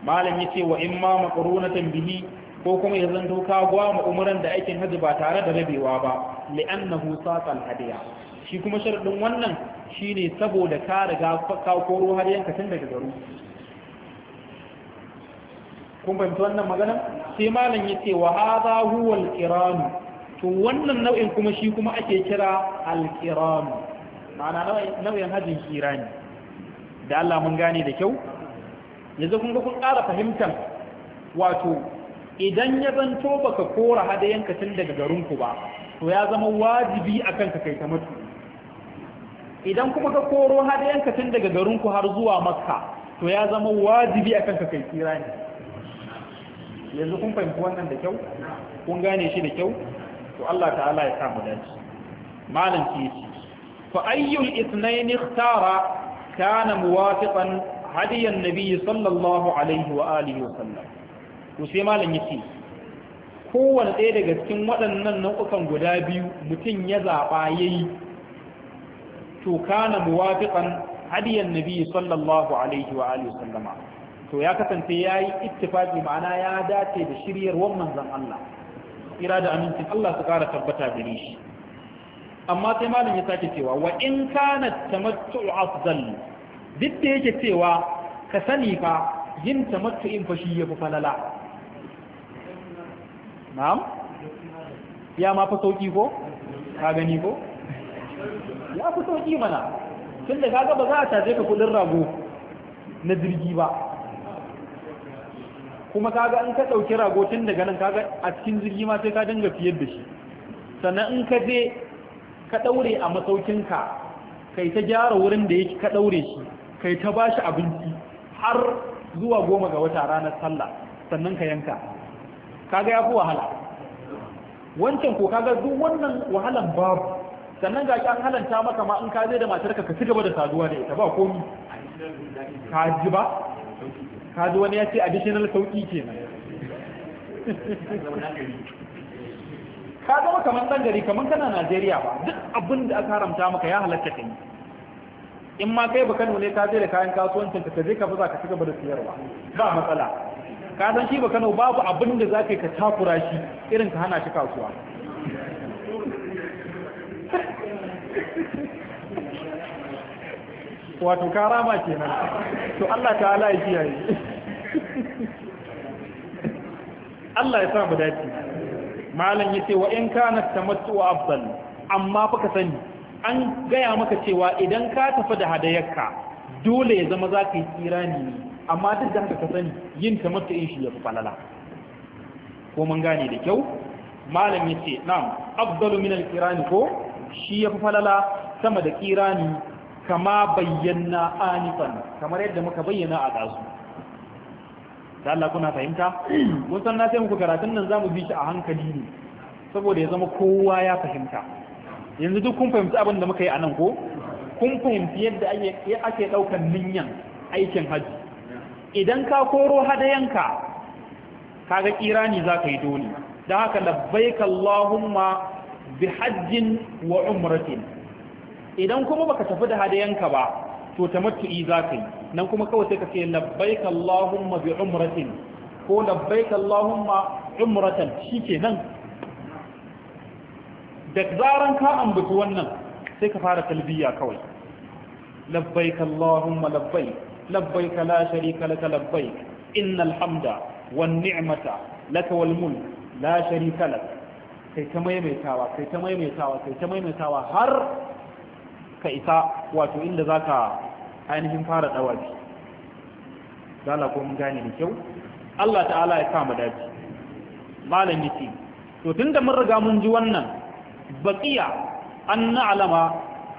malam yace wa imma makarunatan bihi ko kuma ya zanto ka gwama umuran da aikin hajji ba tare da rabewa ba li'annahu saqal hadiya shi kuma sharadin wannan shine saboda ka riga ka koro hadiyan ka tun daga garu kun fahimci wannan magana sai malam yace wa hadha huwa al-qiran to wannan nau'in kuma shi kuma ake kira al-qiran ma'ana nau'in hajjin kirani da Allah mun gane da kyau yanzu kun ga kun ƙara fahimtar wato idan ya zanto baka kora yanka tun daga garinku ba to ya zama wajibi akan ka kai ta mutu idan kuma ka koro yanka tun daga garinku har zuwa makka to ya zama wajibi akan ka kai kira ne yanzu kun fahimci wannan da kyau kun gane shi da kyau to Allah ta'ala ya samu daji. dace malam ki ce fa ayyul ithnain ikhtara kana muwafiqan hadiyan nabiy sallallahu alaihi wa alihi wa sallam to sai malam yace kowanne ɗaya daga cikin waɗannan nau'ukan guda biyu mutum ya zaɓa yayi to kana muwafiqan hadiyan nabi sallallahu alaihi wa alihi wasallama to ya kasance yayi ittifaqi ma'ana ya dace da shiryar wannan zan Allah Ira da amincin Allah su kara tabbata gare shi amma sai malam ya sake cewa wa in kana tamattu afdal duk da yake cewa ka sani fa yin in fa shi yafi falala na'am ya ma fa sauki ko ka gani ko ya fi sauki mana tun da kaga ba za a caje ka kudin rago na jirgi ba kuma kaga in ka ɗauki rago tun daga nan kaga a cikin jirgi ma sai ka dinga fiyar da shi sannan in ka je ka ɗaure a masaukinka kai ta gyara wurin da yake ka ɗaure shi kai ta bashi abinci har zuwa goma ga wata ranar sallah sannan ka yanka kaga ya fi wahala wancan ko kaga duk wannan wahalan babu sannan ga an halanta maka ma in ka je da matarka ka ci gaba da saduwa da ita ba komi ka ji ba ka ji wani ya ce additional sauki nan. ka zama kamar ɗan gari kamar kana Najeriya ba duk abin da aka haramta maka ya halatta ka yi in ma kai ba Kano ne ka je da kayan kasuwancin ka je ka baza ka ci gaba da siyarwa ba matsala ka san shi ba Kano babu abin da zaka ka takura shi irin ka hana shi kasuwa wato karama kenan to Allah ta'ala ya kiyaye Allah ya sa mu dace malam yace wa in kana tamattu afdal amma fa ka sani an gaya maka cewa idan ka tafi da hadayarka dole ya zama za ka yi kirani ne amma duk da haka ka sani yin ta mata in shi ya falala ko mun gane da kyau malam ya ce na'am afdalu min al-kirani ko shi ya falala sama da kirani kama bayyana anifan kamar yadda muka bayyana a dazu da Allah kuna fahimta mun san na sai muku karatun nan zamu bi shi a hankali ne saboda ya zama kowa ya fahimta yanzu duk kun fahimci abin da muka yi a nan ko kun fahimci yadda ake ɗaukar niyan aikin hajji idan ka koro hadayanka kaga irani za ka yi dole don haka labbaik Allahumma bi hajjin wa umratin idan kuma baka tafi da hadayanka ba to ta za ka yi nan kuma kawai sai ka ce labbai Allahumma bi umratin ko labbaik shi umratan nan. da zaran ka ambaci wannan sai ka fara talbiya kawai labbaik allahumma labbaik labbai. la sharika laka labbaik innal hamda wan ni'mata laka wal mulk la sharika lak kai ta maimaitawa kai ta maimaitawa kai ta maimaitawa har ka isa wato inda zaka ainihin fara dawabi dala ko mun gane da kyau Allah ta'ala ya kama daji malam yace to tunda mun riga mun ji wannan بقي أن نعلم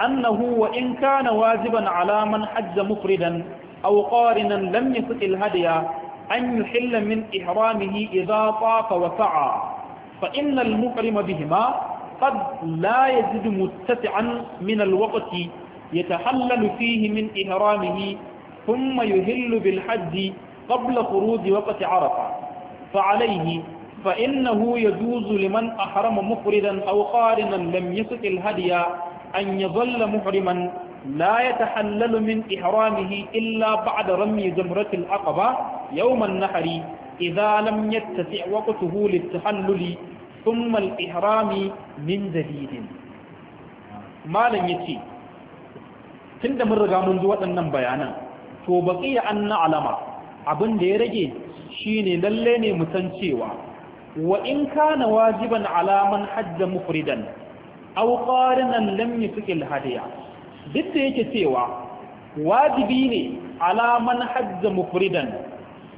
أنه وإن كان واجبا على من حج مفردا أو قارنا لم يفت الهدي أن يحل من إحرامه إذا طاف وسعى فإن المحرم بهما قد لا يجد متسعا من الوقت يتحلل فيه من إحرامه ثم يهل بالحج قبل خروج وقت عرفة فعليه فإنه يجوز لمن أحرم مفردا أو قارنا لم يسق الهدي أن يظل محرما لا يتحلل من إحرامه إلا بعد رمي جمرة العقبة يوم النحر إذا لم يتسع وقته للتحلل ثم الإحرام من جديد ما لن يتي تند من رغا منذ وطن بيانا تو بقي أن نعلم abin da ya rage shine lalle ne mu san cewa wa in kana wajiban ala man hajja mufridan aw qarinan lam yusqil hadiya duk yake cewa wajibi ne ala man hajja mufridan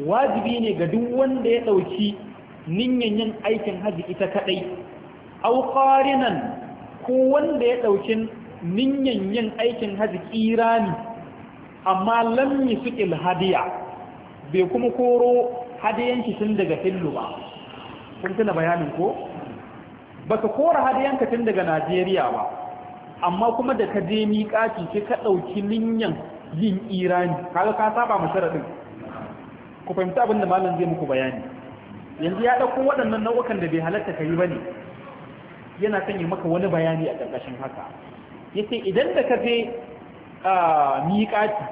wajibi ne ga duk wanda ya dauki ninyan yin aikin haji ita kadai aw qarinan ko wanda ya dauki ninyan yin aikin haji kirani amma lam yusqil hadiya bai kuma koro hadiyan tun daga fillu ba kun tuna bayanin ko baka kora yanka tun daga Najeriya ba amma kuma da ka je miƙaci sai ka ɗauki linyan yin irani kaga ka saba ma ku fahimta abin da malam zai muku bayani yanzu ya ɗauko waɗannan nau'ukan da bai halatta ka yi ba ne yana son ya maka wani bayani a ƙarƙashin haka ya ce idan da ka je miƙaci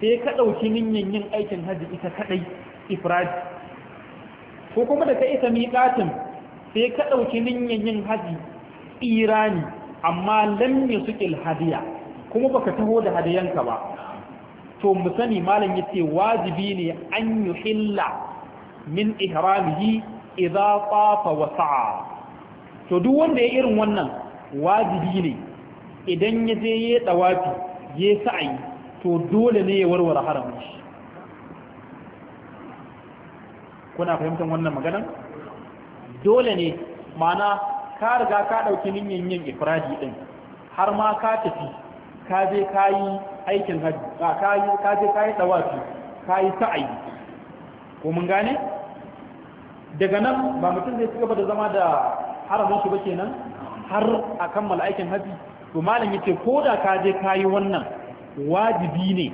sai ka ɗauki niyan yin aikin hajji ita kaɗai ifradi ko kuma da ka isa miƙatin sai ka ɗauki niyyar yin haji irani amma lam yusqil hadiya kuma baka taho da hadiyanka ba to mu sani malam ce wajibi ne an yuhilla min ihramihi idza tafa wa sa'a to duk wanda ya irin wannan wajibi ne idan ya je ya dawafi ya sa'ayi to dole ne ya warware haramun kuna fahimtar wannan magana dole ne mana ka riga ka ɗauki niyyar yin ifradi din har ma ka tafi ka je kai aikin haji ka je ka kai sa'ayi ko mun gane daga nan ba mutum zai cigaba da zama da haramun shi ba kenan har a kammala aikin haji to malam yace ko da ka je kai wannan wajibi ne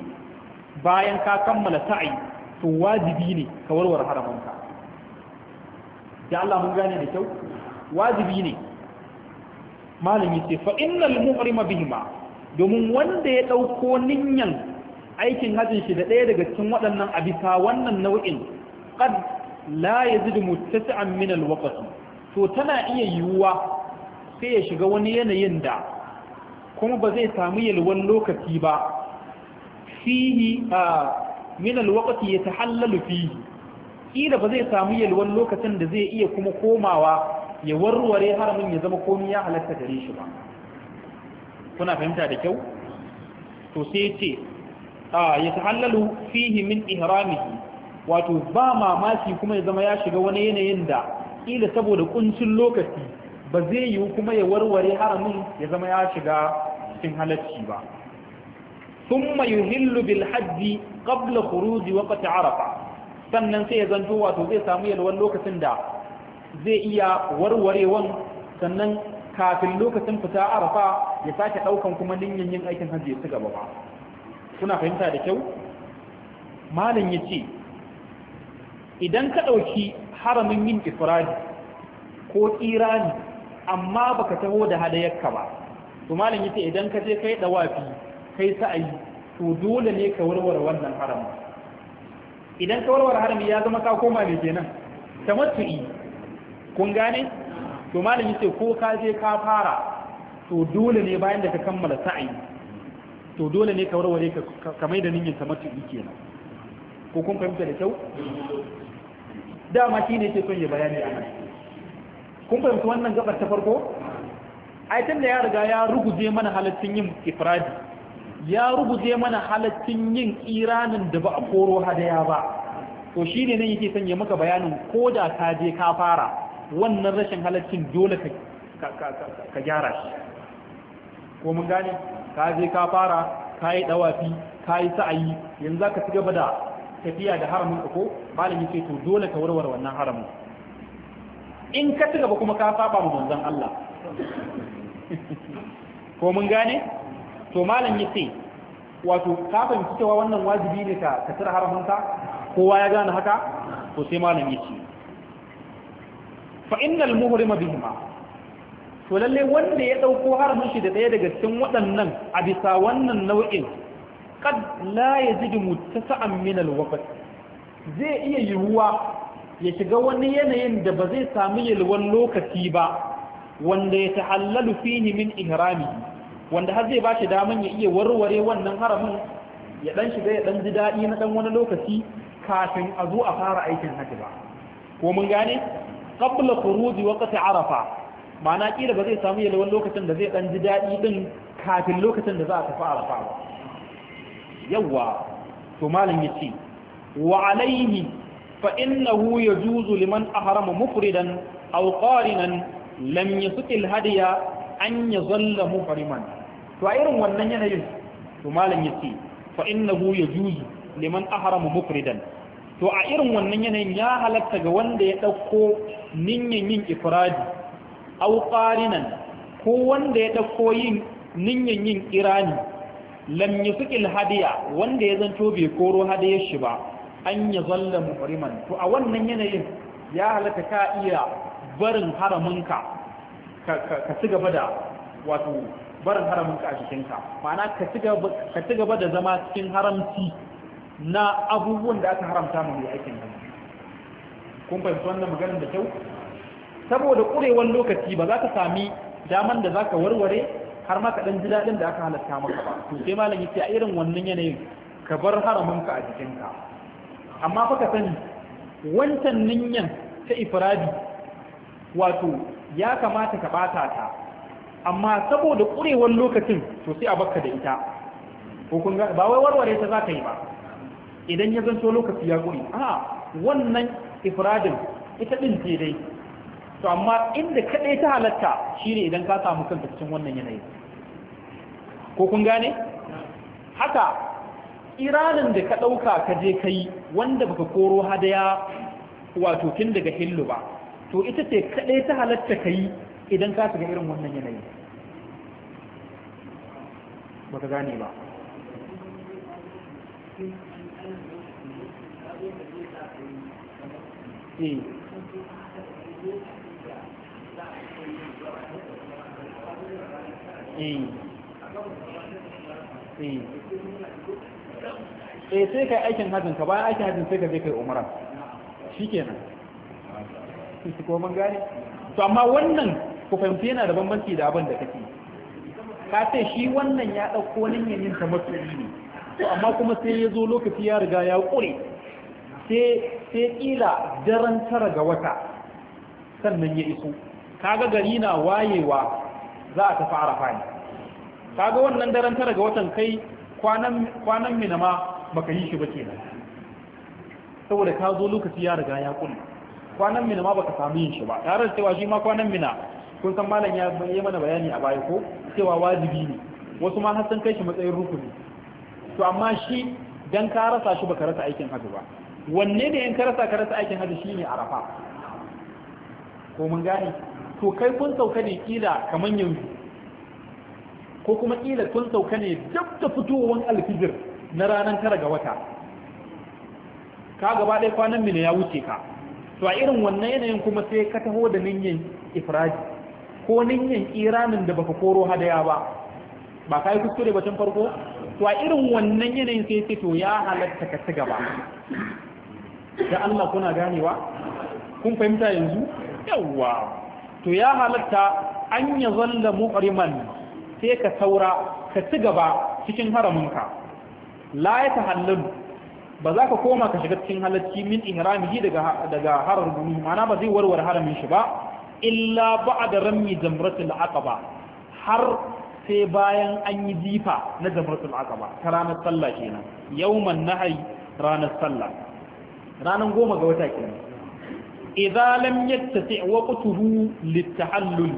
bayan ka kammala sa'ayi to wajibi ne ka warware haramanka da Allah mun gane da kyau wajibi ne malami ce fa innal muhrima bihima domin wanda ya dauko ninyan aikin hajjin shi da ɗaya daga cikin waɗannan abisa wannan nau'in qad la yazid muttasi'an min alwaqt to tana iya yiwuwa sai ya shiga wani yanayin da kuma ba zai samu yalwan lokaci ba fihi min alwaqti yatahallalu fihi kila ba zai samu yalwan lokacin da zai iya kuma komawa ya warware haramin ya zama komai ya halatta gare shi ba kuna fahimta da kyau to sai ce a yatahallalu fihi min ihramihi wato ba mamaki kuma ya zama ya shiga wani yanayin da kila saboda kuncin lokaci ba zai yiwu kuma ya warware haramin ya zama ya shiga cikin halacci ba Tun yuhillu bil hajji qabla khuruji waqti arafa sannan sai ya zanto wato zai samu yalwan lokacin da zai iya warwarewan sannan kafin lokacin fita arafa ya sake daukan kuma ninyin yin aikin hajji su gaba ba kuna fahimta da kyau malam yace idan ka dauki haramin yin ifradi ko kirani amma baka taho da hadayarka ba to malam yace idan ka je kai dawafi kai sa'ayi to dole ne ka warware wannan harami idan ka warware harami ya zama ka koma ne kenan tamattu'i kun gane to malami ce ko ka je ka fara to dole ne bayan da ka kammala sa'i to dole ne ka warware ka kamar da niyyar tamattu'i kenan ko kun fahimta da kyau dama shi ne ke son ya bayani a nan kun fahimta wannan gabar ta farko tun da ya riga ya ruguje mana halittun yin ifradi ya rubuce mana halaccin yin iranin da ba a koro hadaya ba to shi ne nan yake sanya maka bayanin ko da ka je ka fara wannan rashin halaccin dole ka gyara shi ko mun gane ka je ka fara ka yi dawafi ka yi sa'ayi yanzu ka ci gaba da tafiya da haramin ka ko malami ce to dole ka warware wannan haramin in ka ci gaba kuma ka saba mu manzon Allah ko mun gane to malam ya ce wato kafin cewa wannan wajibi ne ka ka tsira harafinta kowa ya gane haka to sai malam ya ce fa innal muhrima bihima to lalle wanda ya dauko harafin shi da daya daga cikin waɗannan a bisa wannan nau'in kad la yajidu muttasa'an min alwaqt zai iya yiwuwa ya shiga wani yanayin da ba zai sami yalwan lokaci ba wanda ya tahallalu fihi min ihrami wanda har zai ba shi daman ya iya warware wannan haramin ya dan shiga ya dan ji daɗi na dan wani lokaci kafin a zo a fara aikin haji ba ko mun gane qabla khuruji waqti arafa ma'ana kila ba zai samu yalwan lokacin da zai dan ji daɗi din kafin lokacin da za a tafi arafa ba yawa to malam yace wa alaihi fa innahu yajuzu liman ahrama mufridan aw qarinan lam yusqil hadiya an yazalla muhriman to a irin wannan yanayin to malam yace fa innahu yajuzu liman ahrama mufridan to a irin wannan yanayin ya halatta ga wanda ya dauko ninyan yin ifradi aw qarinan ko wanda ya dauko yin ninyan yin irani lam yusqil hadiya wanda ya zanto bai koro hadiyar shi ba an ya zalla muhriman to a wannan yanayin ya halatta ka iya barin haraminka ka ci gaba da wato barin haramun ka a jikinka ma'ana ka ci gaba da zama cikin haramci na abubuwan da aka haramta mu mai aikin nan kun fahimci wannan maganar da kyau saboda kurewan lokaci ba za ka sami daman da za ka warware har ma ka ɗan ji daɗin da aka halatta maka ba to sai malam yace a irin wannan yanayin ka bar haramun ka a jikinka amma fa ka sani wancan ninyan ta ifradi wato ya kamata ka bata ta amma saboda ƙurewar lokacin to sai a baka da ita ba wai warware ta za ta yi ba idan ya zanto lokaci ya ƙuri, a wannan ifradin ita ɗin ce dai to amma inda kaɗai ta halatta shine idan ka samu kanka cikin wannan yanayi ko kun gane haka iranin da ka ɗauka ka je ka yi wanda baka koro hadaya wato tun daga hillu ba to ita ce kaɗai ta halatta ka yi idan ka shiga irin wannan yanayi ba ka gane ba e sai kai aikin hajjin ka bayan aikin hajjin sai ka zai kai umara su su mun gane to amma wannan ku fahimci yana da bambanci da abin da kake ka ce shi wannan ya ɗauko niyyar ta matsayi ne to amma kuma sai ya zo lokaci ya riga ya ƙure sai sai ƙila daren tara ga wata sannan ya iso kaga gari na wayewa za a tafi arafa ne kaga wannan daren tara ga watan kai kwanan mina ma baka yi shi ba kenan saboda ka zo lokaci ya riga ya ƙure kwanan mina ma baka samu yin shi ba tare da cewa shi ma kwanan mina kun san malam ya yi mana bayani a baya ko cewa wajibi ne wasu ma har san kai shi matsayin rukuni to amma shi dan ka rasa shi baka rasa aikin haji ba wanne ne in ka rasa ka rasa aikin haji shine arafa ko mun gane to kai kun sauka ne kila kaman yanzu ko kuma kila kun sauka ne duk da fitowar alfijir na ranar tara ga wata ka gaba ɗaya kwanan mini ya wuce ka to a irin wannan yanayin kuma sai ka taho da ninyin ifradi ko ninyan iranin da baka koro hadaya ba ba ka yi kuskure batun farko to a irin wannan yanayin sai ce to ya halatta ka ci gaba da Allah kuna ganewa kun fahimta yanzu yawa to ya halatta an ya zalla muhriman sai ka saura ka ci gaba cikin haraminka la ya tahallalu ba za ka koma ka shiga cikin halacci min ihramihi daga daga harar gumi mana ba zai warware haramin shi ba illa ba'da ramyi jamratul aqaba har sai bayan an yi jifa na jamratul aqaba ta ranar sallah kenan yawman nahyi ranar sallah ranar goma ga wata kenan idza lam yattati waqtuhu litahallul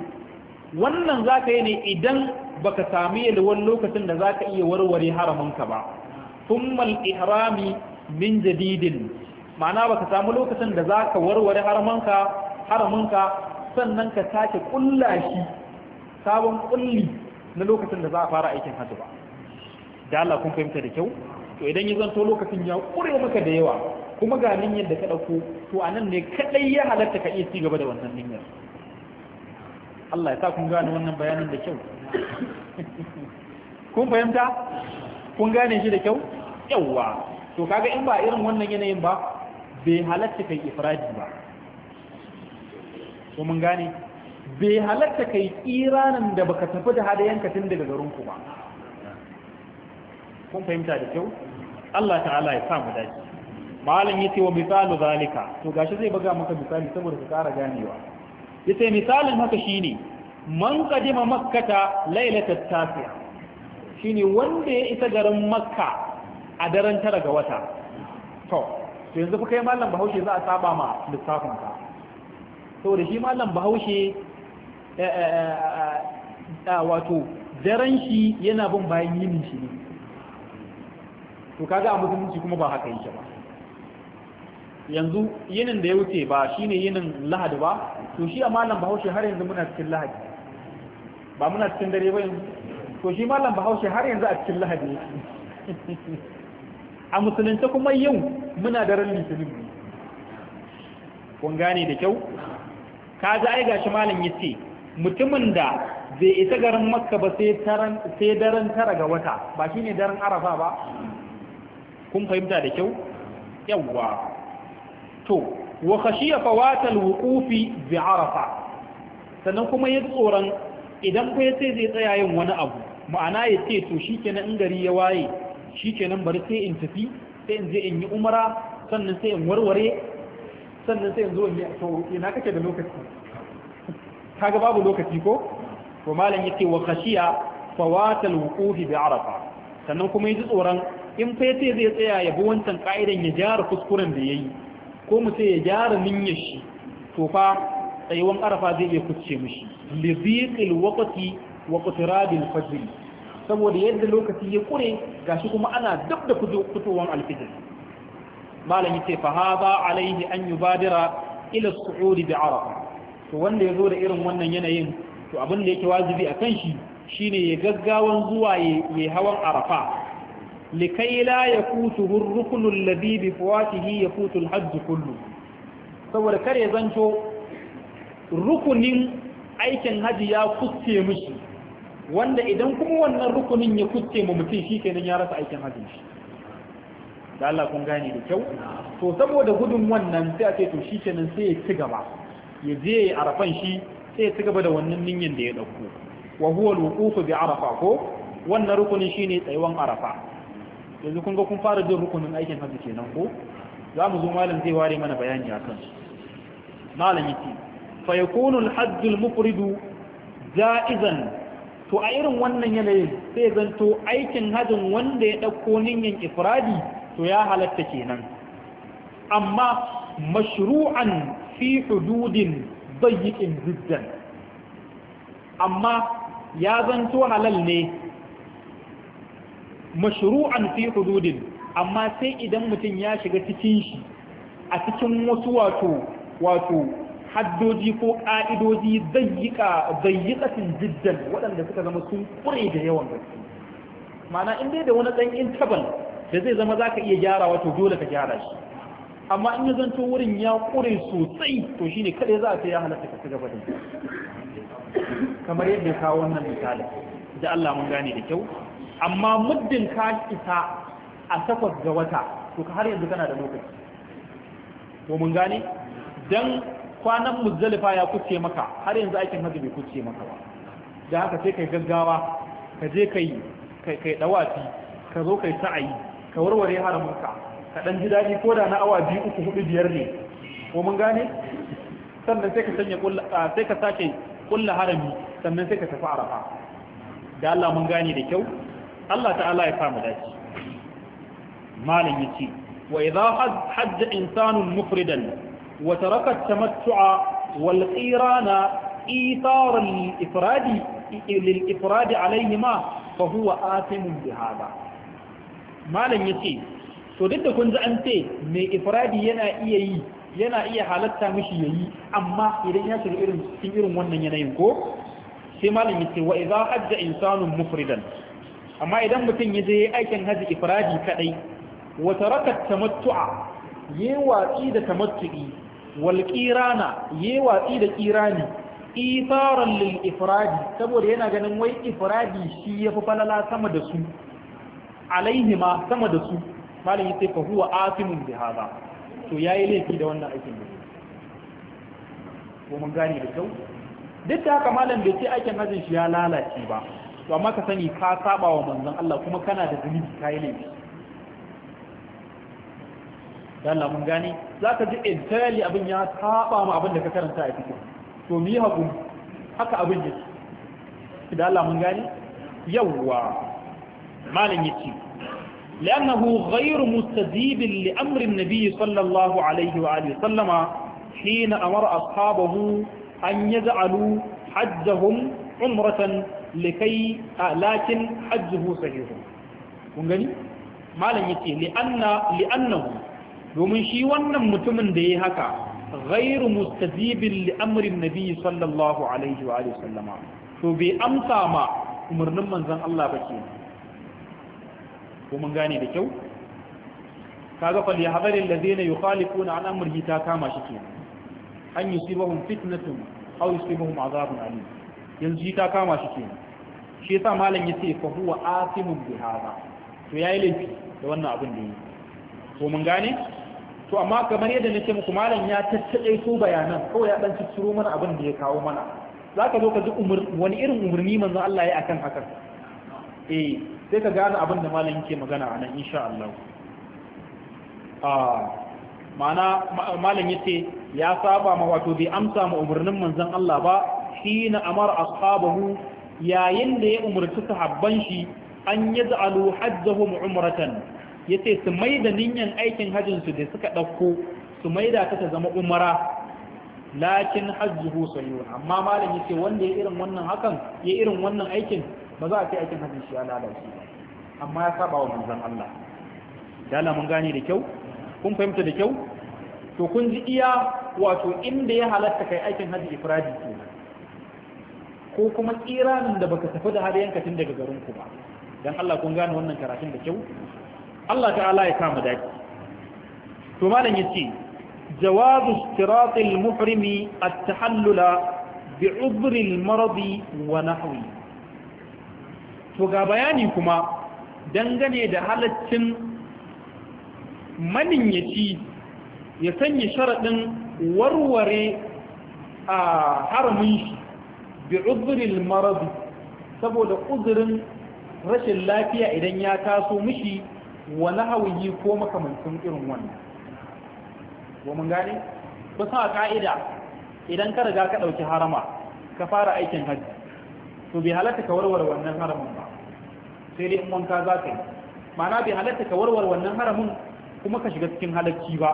wannan zaka yi ne idan baka sami yalwan lokacin da zaka iya warware haramanka ba thumma al-ihrami min jadidin ma'ana baka samu lokacin da zaka warware haramanka haramanka sannan ka sake kulla shi sabon kulli na lokacin da za a fara aikin hajji ba da Allah kun fahimta da kyau to idan ya zanto lokacin ya kure maka da yawa kuma ga niyyar da ka dauko to anan ne kadai ya halatta ka iya ci gaba da wannan niyyar Allah ya sa kun gane wannan bayanin da kyau kun fahimta kun gane shi da kyau yawwa to kaga in ba irin wannan yanayin ba bai halatta kai ifradi ba ko mun gane bai halatta kai iranin da baka tafi da hadayanka tun daga garin ku ba kun fahimta da kyau Allah ta'ala ya samu dace malam yace wa misalu zalika to gashi zai buga maka misali saboda ka kara ganewa yace misalin haka shine man qadima makkata lailatat tasi'a shine wanda ya isa garin makka a daren tara ga wata to yanzu fa kai mallam bahaushe za a saba ma lissafin ka saboda shi malam bahaushe eh, eh, eh, wato daren shi yana bin bayan yinin shi ne to kaga a musulunci kuma ba haka yake ba yanzu yinin da ya wuce ba shine yinin lahadi ba to shi a malam bahaushe har yanzu muna cikin lahadi ba muna cikin dare ba yanzu to shi malam bahaushe har yanzu a cikin lahadi a musulunci kuma yau muna daren litinin kun gane da kyau ka ji ai gashi malam yace mutumin da zai isa garin makka ba sai daren tara ga wata ba shi daren arafa ba kun fahimta da kyau yawwa to wa khashiya fawatal alwuqufi bi arafa sannan kuma ya tsoron idan ko sai zai tsaya yin wani abu ma'ana ya ce to shikenan in gari ya waye shikenan bari sai in tafi sai in je in yi umara sannan sai in warware sannan sai yanzu wani to ina kake da lokaci kaga babu lokaci ko to malam yake wa khashiya fawatal wuqufi bi arafa sannan kuma yaji tsoron in fa yace zai tsaya ya bi wancan ka'idan ya jara kuskuren da yayi ko mu sai ya jara niyyar shi to fa tsayuwan arafa zai iya kucce mishi li dhiqil waqti wa qutirabil fajr saboda yadda lokaci ya kure gashi kuma ana dab da fitowan alfijir malam ce fa hadha alaihi an yubadira ila as-su'ud bi arafa to wanda yazo da irin wannan yanayin to abin da yake wajibi kan shi shine ya gaggawan zuwa ya hawan arafa likai la yakutuhu ar-ruknu alladhi bi fawatihi yakutu al-hajj kullu saboda kar ya zanto rukunin aikin haji ya kusse mishi wanda idan kuma wannan rukunin ya kusse mu mutum shi kenan ya rasa aikin hajji da Allah kun gane da kyau to saboda gudun wannan sai a ce to shi kenan sai ya ci gaba ya je ya arafan shi sai ya ci gaba da wannan ninyin da ya dauko wa huwa al bi arafa ko wannan rukunin shine tsayuwan arafa yanzu kun ga kun fara jin rukunin aikin hajji kenan ko za mu zo malam zai ware mana bayani akan malam yace fa yakunu al al jaizan to a irin wannan yanayin sai zanto aikin hajjin wanda ya dauko ninyin ifradi to ya halatta kenan amma mashru'an fi hududin bayyikin jiddan amma ya zanto halal ne mashru'an fi hududin amma sai idan mutum ya shiga cikin shi a cikin wasu wato wato haddoji ko ƙa'idoji zayyika zayyikatin jiddan waɗanda suka zama sun ƙure da yawan gaske mana in dai da wani ɗan intabal da zai zama za ka iya gyara wato dole ka gyara shi amma in ya zanto wurin ya ƙure sosai to shi ne kaɗai za a sai ya halatta ka gaba da kamar yadda ya kawo wannan misali da Allah mun gane da kyau amma muddin ka isa a takwas ga wata to ka har yanzu kana da lokaci to mun gane dan kwanan muzdalifa ya kuce maka har yanzu aikin hajji bai kuce maka ba da haka sai kai gaggawa ka je kai kai dawafi ka zo kai sa'ayi ka warware haramunka ka ɗan ji daɗi ko da na awa biyu uku hudu biyar ne ko mun gane sannan sai ka sanya sai ka sake kulla harami sannan sai ka tafi arafa da Allah mun gane da kyau Allah ta'ala ya kama dace malam yace wa idha hajja insanun mufridan wa taraka tamattu'a wal qirana إيثار الإفراد للإفراد عليهما فهو آثم بهذا malam ya ce to duk da kun ji an ce mai ifradi yana iya yi yana iya halatta mishi ya yi amma idan ya shiga irin cikin irin wannan yanayin ko sai malam ya ce wa idza hajja insanu mufridan amma idan mutum ya je aikin haji ifradi kadai wa taraka tamattu'a yi watsi da tamattu'i wal qirana yi watsi da qirani ifaran lil ifradi saboda yana ganin wai ifradi shi yafi falala sama da su Alaihi ma sama da su malin yace fa huwa asimun bi hada to yayi laifi da wannan aikin da ko mun gane da kyau duk da haka malam bai ce aikin hajjin shi ya lalace ba to amma ka sani ka saba wa manzon Allah kuma kana da ka yi laifi Allah mun gane ka ji entirely abin ya saba mu abin da ka karanta a cikin to mi hakuri haka abin yake da Allah mun gani yawwa malin yace لأنه غير مستجيب لأمر النبي صلى الله عليه وآله وسلم حين أمر أصحابه أن يجعلوا حجهم عمرة لكي لكن حجه صحيح ungani malam yace li anna li annahu domin shi wannan mutumin da yayi haka ghairu mustajibin li amrin nabi sallallahu alaihi wa alihi sallama to bai amsa ma umarnin manzon Allah ba kenan ko mun gane da kyau kaga fal ya yahdhar alladhina yukhalifuna an amrihi ta kama shi ke an yusibahum fitnatun aw yusibahum azabun alim yanzu ta kama shi ke shi yasa malam yace fa huwa asimun bi hada to yayi laifi da wannan abin da yi ko mun gane to amma kamar yadda nake muku malam ya tattaɗe su bayanan kawai ya dan cicciro mana abin da ya kawo mana zaka zo ka ji wani irin umarni manzo Allah ya akan hakan eh sai ka gane abin da malam yake magana a nan insha Allah ah, ma'ana malam yace ya saba ma wato bai amsa ma umarnin manzon Allah ba shi na amar ashabahu yayin da ya umarci sahabban shi an yaj'alu hajjahum umratan yace su da niyyar aikin hajjin su da suka dauko su maida ta ta zama umara lakin hajjuhu sayyun amma malam ce wanda ya irin wannan hakan ya irin wannan aikin ba za a ce aikin hajjin shi ya lalace ba amma ya saba wa manzon Allah dala mun gane da kyau kun fahimta da kyau to kun ji iya wato inda ya halatta kai aikin haji ifradi ke ko kuma tsiranin da baka tafi da har yankacin daga garin ku ba dan Allah kun gane wannan karatun da kyau Allah ta'ala ya kama daki to malam yace جواز اشتراط المحرم التحلل بعذر المرض ونحوه to ga bayani kuma dangane da halaccin maniyyaci ya sanya sharaɗin warware a haramun shi bi uzurin marabi saboda uzurin rashin lafiya idan ya taso mishi wani hawayi ko makamancin irin wannan wa mun gane ba sa ka'ida idan ka riga ka ɗauki harama ka fara aikin hajji to bai halatta ka warware wannan haramin ba sai dai in wanka za ka yi ma'ana bai halatta ka warware wannan haramin kuma ka shiga cikin halacci ba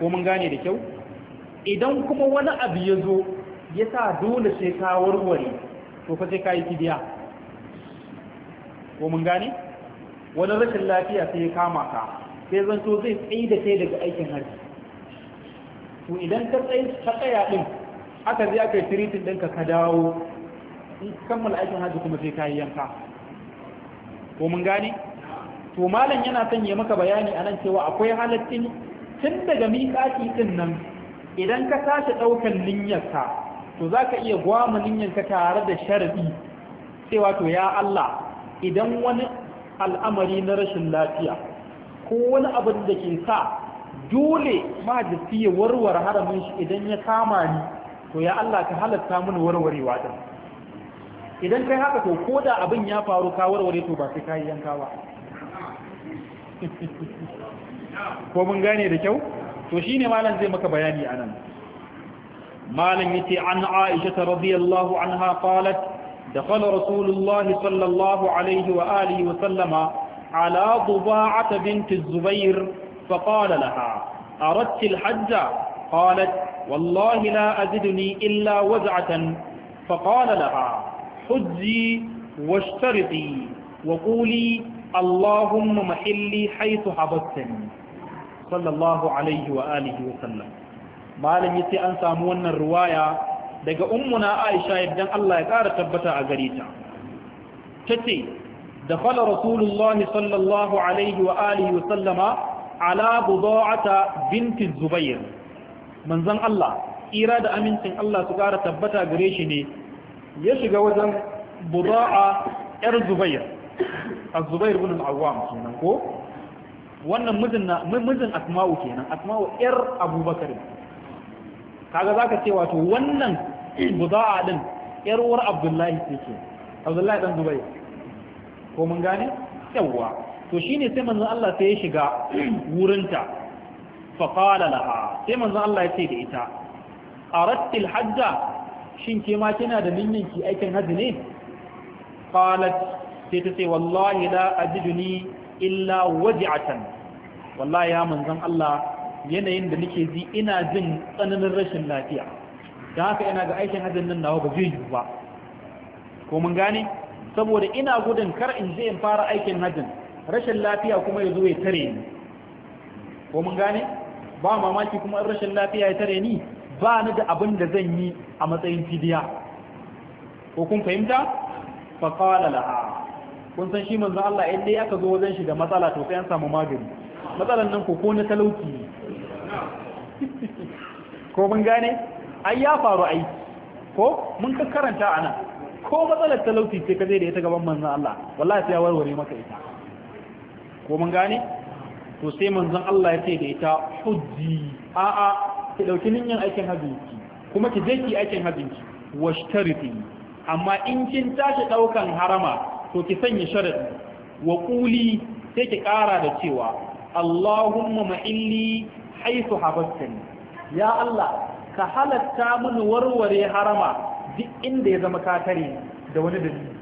ko mun gane da kyau idan kuma wani abu ya zo ya sa dole sai ka warware to fa sai ka yi fidiya ko mun gane wani rashin lafiya sai ya kama ka sai zanto zai tsaye da kai daga aikin harki to idan ka tsaye ka tsaya din aka zai aka yi tiritin ɗinka ka dawo in kammala aikin hajji kuma sai ka yi yanka ko mun gane to malam yana son ya maka bayani anan cewa akwai halaccin tun daga miƙaƙi din nan idan ka tashi ɗaukan niyyarka to za ka iya gwama niyyarka tare da sharaɗi cewa to ya Allah idan wani al'amari na rashin lafiya ko wani abin da ke sa dole majisti ya warware haramin shi idan ya kama ni to ya Allah ka halatta mun warwarewa din idan kai haka to ko da abin ya faru kawarware to ba sai kayi yanka ba ko mun da kyau to shine malam zai maka bayani anan malam yace an Aisha radhiyallahu anha da dakhala rasulullahi sallallahu alaihi wa wa sallama ala duba'ata bint az-zubair fa qala laha aradti al-hajj qalat wallahi la azidni illa waz'atan fa laha حجي واشترطي وقولي اللهم محلي حيث حبستني صلى الله عليه وآله وسلم malam yace an samu wannan ruwaya daga ummuna Aisha idan Allah ya ƙara tabbata a gare ta tace dakhala rasulullahi sallallahu alaihi wa alihi wa sallama ala buda'ata binti zubair manzon Allah ira da amincin Allah su ƙara tabbata gare shi ne ya shiga wajen buda'a yar zubair a zubair bin al'awam kenan ko wannan mijin asma'u kenan asma'u yar abubakar kaga za ka ce wato wannan buda'a din yar uwar abdullahi ce abdullahi dan zubair ko mun gane yawwa to shine sai manzon Allah sai ya shiga wurinta fa qala laha sai manzon Allah ya ce da ita aradtil hajja shin ke ma kina da ninyan ki aikin haji ne qalat sai ta ce wallahi la ajiduni illa waji'atan wallahi ya manzon Allah yanayin da nake ji ina jin tsananin rashin lafiya da haka ina ga aikin hajjin nan nawa ba zai yi ba ko mun gane saboda ina gudun kar in je in fara aikin hajjin rashin lafiya kuma ya zo ya tare ni ko mun gane ba mamaki kuma rashin lafiya ya tare ni ba ni da abin da zan yi a matsayin fidiya ko kun fahimta fa qala laha kun san shi manzo Allah idan dai aka zo wajen shi da matsala to sai an samu magani matsalan nan ko ko na talauci ko mun gane ai ya faru ai ko mun ka karanta anan ko matsalar talauci ce ka zai da ita gaban manzo Allah wallahi sai ya warware maka ita ko mun gane to sai manzo Allah ya ce da ita hujji a'a ki dauki niyyar aikin hajji ki kuma ki je ki aikin hajji ki washtariti amma in kin tashi daukan harama to ki sanya sharadi wa quli sai ki kara da cewa Allahumma illi haythu habastani ya Allah ka halatta mun warware harama duk inda ya zama katare da wani dalili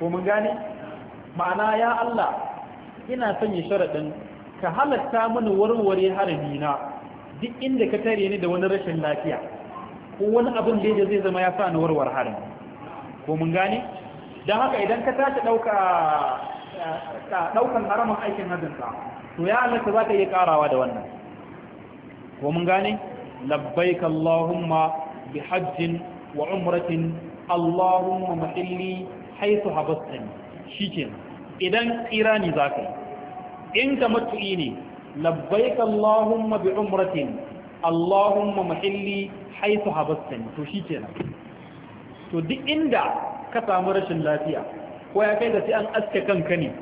ko mun gane ma'ana ya Allah ina sanya sharadin ka halatta mun warware harami na duk inda ka tare ne da wani rashin lafiya ko wani abin da ya zai zama ya sa ni warwar harin ko mun gane don haka idan ka tashi ɗaukan haramin aikin ka, to ya halatta za ka iya ƙarawa da wannan ko mun gane labbaik Allahumma bi hajjin wa umratin Allahumma mahalli haitu habastani shikenan idan irani za ka yi in ka matu'i ne labbaik Allahumma bi umratin Allahumma mahalli haitu habastani to shi to duk inda ka samu rashin lafiya ko ya kai da sai an aske kanka ne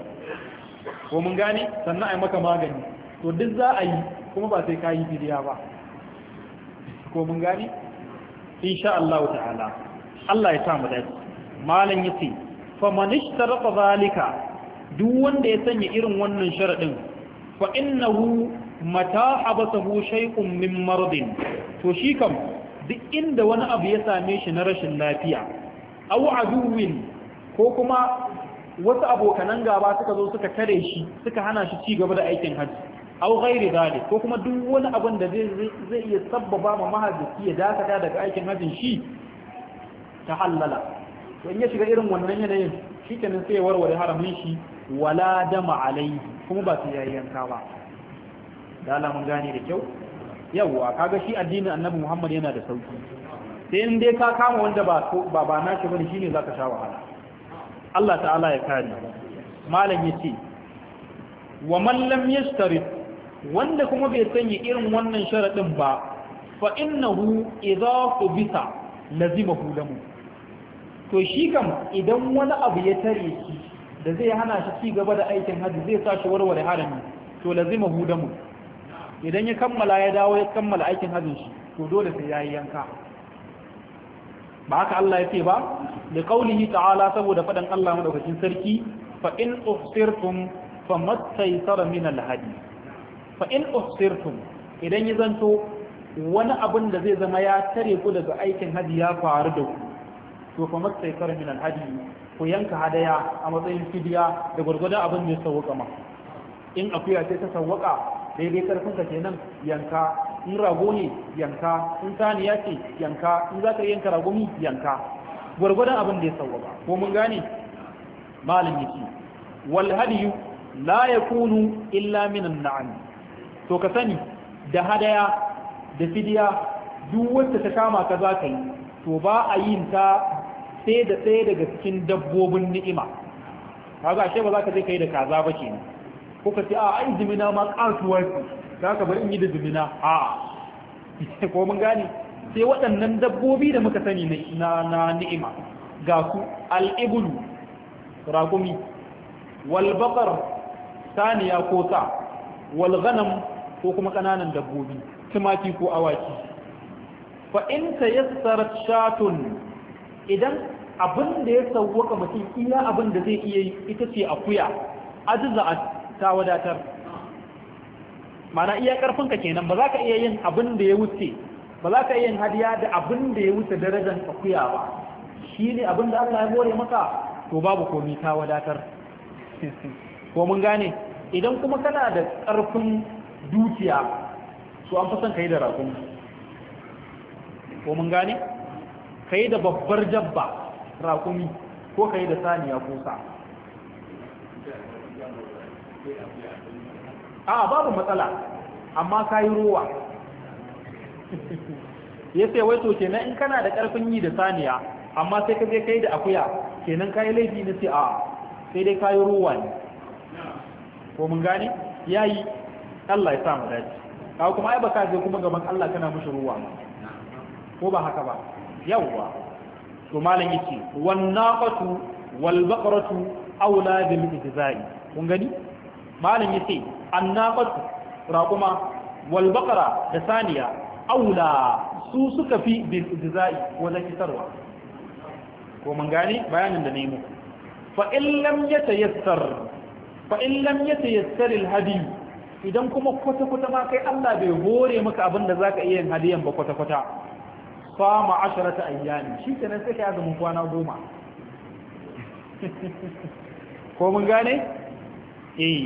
ko mun gane sannan a yi maka magani to duk za a yi kuma ba sai ka yi fidiya ba ko mun gane insha Allah ta'ala Allah ya sa mu dace malam yace fa man ishtaraqa zalika duk wanda ya sanya irin wannan sharadin fa innahu mata habasahu shay'un min maradin to shi kam duk inda wani abu ya same shi na rashin lafiya au aduwin ko kuma wasu abokanan gaba suka zo suka tare shi suka hana shi ci gaba da aikin hajji aw ghairi ko kuma duk wani abin da zai iya sabbaba ma mahajjaci ya dakata daga aikin hajjin shi ta halala to in ya shiga irin wannan yanayin shi kenan sai ya warware haramin shi wala dama alaihi kuma ba su yayyanka ba da Allah mun gane da kyau yawwa kaga shi addinin annabi Muhammad yana da sauki sai in dai ka kama wanda ba ba ba nashi bane shine zaka sha wahala Allah ta'ala ya kare malam yace wa man lam yashtarit wanda kuma bai sanya irin wannan sharadin ba fa innahu idha qubita lazimahu lamu to shi kam idan wani abu ya tare shi da zai hana shi ci gaba da aikin hajji zai sa shi warware harami to lazima hudamu idan ya kammala ya dawo ya kammala aikin hajjin shi to dole sai yayi yanka ba haka Allah ya ce ba da kaulihi ta'ala saboda fadan Allah madaukakin sarki fa in uhsirtum famattaysara min alhadi fa in uhsirtum idan ya zanto wani abin da zai zama ya tare ku daga aikin hajji ya faru da ku to famattaysara min alhadi ku yanka hadaya a matsayin fidiya da gwargwadon abin da ya sauwaka ma in akuya ce ta sauwaka daidai karfin ka kenan yanka in rago ne yanka in saniya ce yanka in za ka yanka ragumi yanka gwargwadon abin da ya sauwaka ko mun gane malam yace wal hadiyu la yakunu illa min an-na'am to ka sani da hadaya da fidiya duk wacce ta kama ka za ka yi to ba a yin ta sai da tsaye daga cikin dabbobin ni'ima kaga ashe ba za ka je kai da kaza ba ke kenan ka ce a ai jimina ma kasuwar za ka bar in yi da jimina a ko mun gane sai waɗannan dabbobi da muka sani na na ni'ima ga ku al-iblu raqumi wal baqar saniya ko sa wal ghanam ko kuma kananan dabbobi tumaki ko awaki fa in tayassarat shatun idan abin da ya sauwaka mutum iya abin da zai iya yi ita ce akuya ajiza a ta wadatar mana iya ka kenan ba za ka iya yin abin da ya wuce ba za ka iya yin hadiya da abin da ya wuce darajar akuya ba shi ne abin da Allah ya more maka to babu komi ta wadatar ko mun gane idan kuma kana da karfin dukiya to an fi son ka yi da rakun ko mun gane ka yi da babbar dabba rakumi ko ka yi da saniya ko sa a babu matsala amma ka yi ruwa ya ce wai to kenan in kana da karfin yi da saniya amma sai ka je kai da akuya kenan ka yi laifi na sai a sai dai ka yi ruwa ne ko mun gane ya yi allah ya sa mu dace kawo kuma ai baka kuma gaban allah kana mushi ruwa ko ba haka ba yawwa to malam yace wan naqatu wal baqratu aula bil ijza'i kun gani malam yace an naqatu raquma wal baqra da saniya aula su suka fi bil ijza'i wajen kitarwa ko mun gane bayanin da nayi muku fa in lam yatayassar fa in lam yatayassar al hadi idan kuma kwata kwata ma kai Allah bai hore maka abin da zaka iya yin hadiyan ba kwata kwata fama asharata ayyami shikenan sai ka azumin kwana goma ko mun gane eh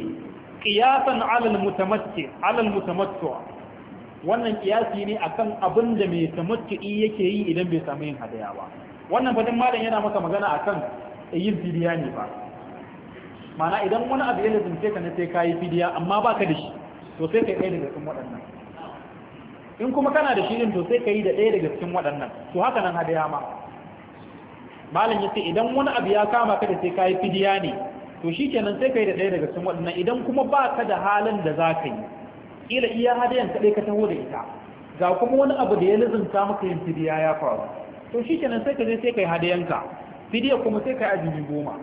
qiyasan ala almutamatti ala almutamattu wannan qiyasi ne akan abin da mai tamattu yake yi idan bai samu yin hadaya ba wannan fadin malam yana maka magana akan yin fidiya ne ba mana idan wani abu ya lazimce ka ne sai kayi fidiya amma baka da shi to sai kai ɗaya daga cikin waɗannan in kuma kana da shirin to sai ka yi da ɗaya daga cikin waɗannan to haka nan hadaya ma malam ya ce idan wani abu ya kama ka da sai ka yi fidiya ne to shi kenan sai ka yi da ɗaya daga cikin waɗannan idan kuma ba ka da halin da za ka yi ƙila iya hadayan kaɗai ka taho da ita ga kuma wani abu da ya lizinta maka yin fidiya ya faru to shi kenan sai ka je sai ka yi hadayanka fidiya kuma sai ka yi azumi goma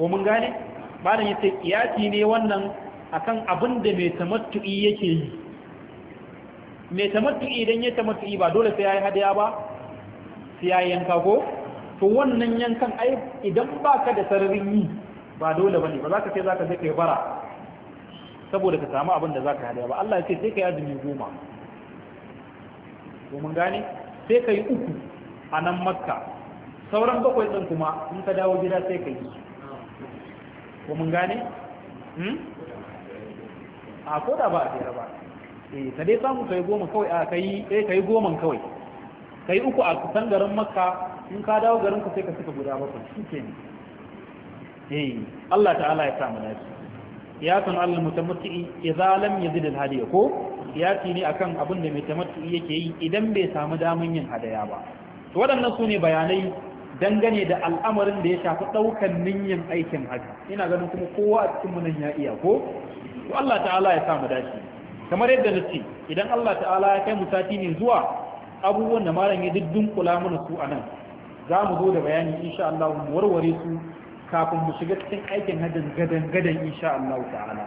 ko mun gane malam ya ce kiyasi ne wannan akan abin da mai tamattu'i yake yi mai tamattu'i idan ya tamattu'i ba dole sai yayi hadaya ba sai yayi yanka ko to wannan yankan ai idan baka da sararin yi ba dole bane ba zaka sai zaka sai kai bara saboda ka samu abin da zaka hadaya ba Allah ya ce sai kai azumi goma ko mun gane sai kai uku a nan makka sauran bakwai din kuma in ka dawo gida sai kai ko mun gane hmm a ko da ba a ba eh ta dai samu kai goma kawai a kai eh kai goma kawai kai uku a kusan garin makka in ka dawo garin ka sai ka saka guda bakwai ne eh Allah ta'ala ya samu lafiya ya san Allah mutamatti idza lam yazid al ko ya ci ne akan abin da mai tamattu yake yi idan bai samu damun yin hadaya ba to waɗannan su ne bayanai dangane da al'amarin da ya shafi ɗaukan ninyin aikin haka ina ganin kuma kowa a cikin nan ya iya ko to Allah ta'ala ya samu dace kamar yadda na ce idan Allah ta'ala ya kai mu sati ne zuwa abubuwan da malam ya diddin kula mana su anan za mu zo da bayani insha Allah mu warware su kafin mu shiga cikin aikin hajjin gadan gadan insha Allah ta'ala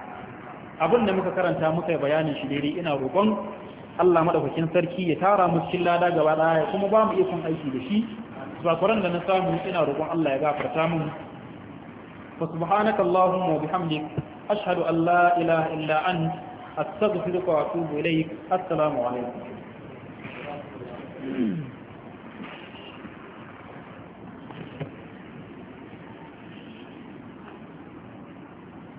abin da muka karanta muka bayanin shi daidai ina roƙon Allah madaukakin sarki ya tara mu cikin lada gaba daya kuma ba mu ikon aiki da shi zakuran da na samu ina roƙon Allah ya gafarta mun fa subhanakallahumma wa bihamdik ashhadu an la ilaha illa anta astaghfiruka wa atubu ilayk assalamu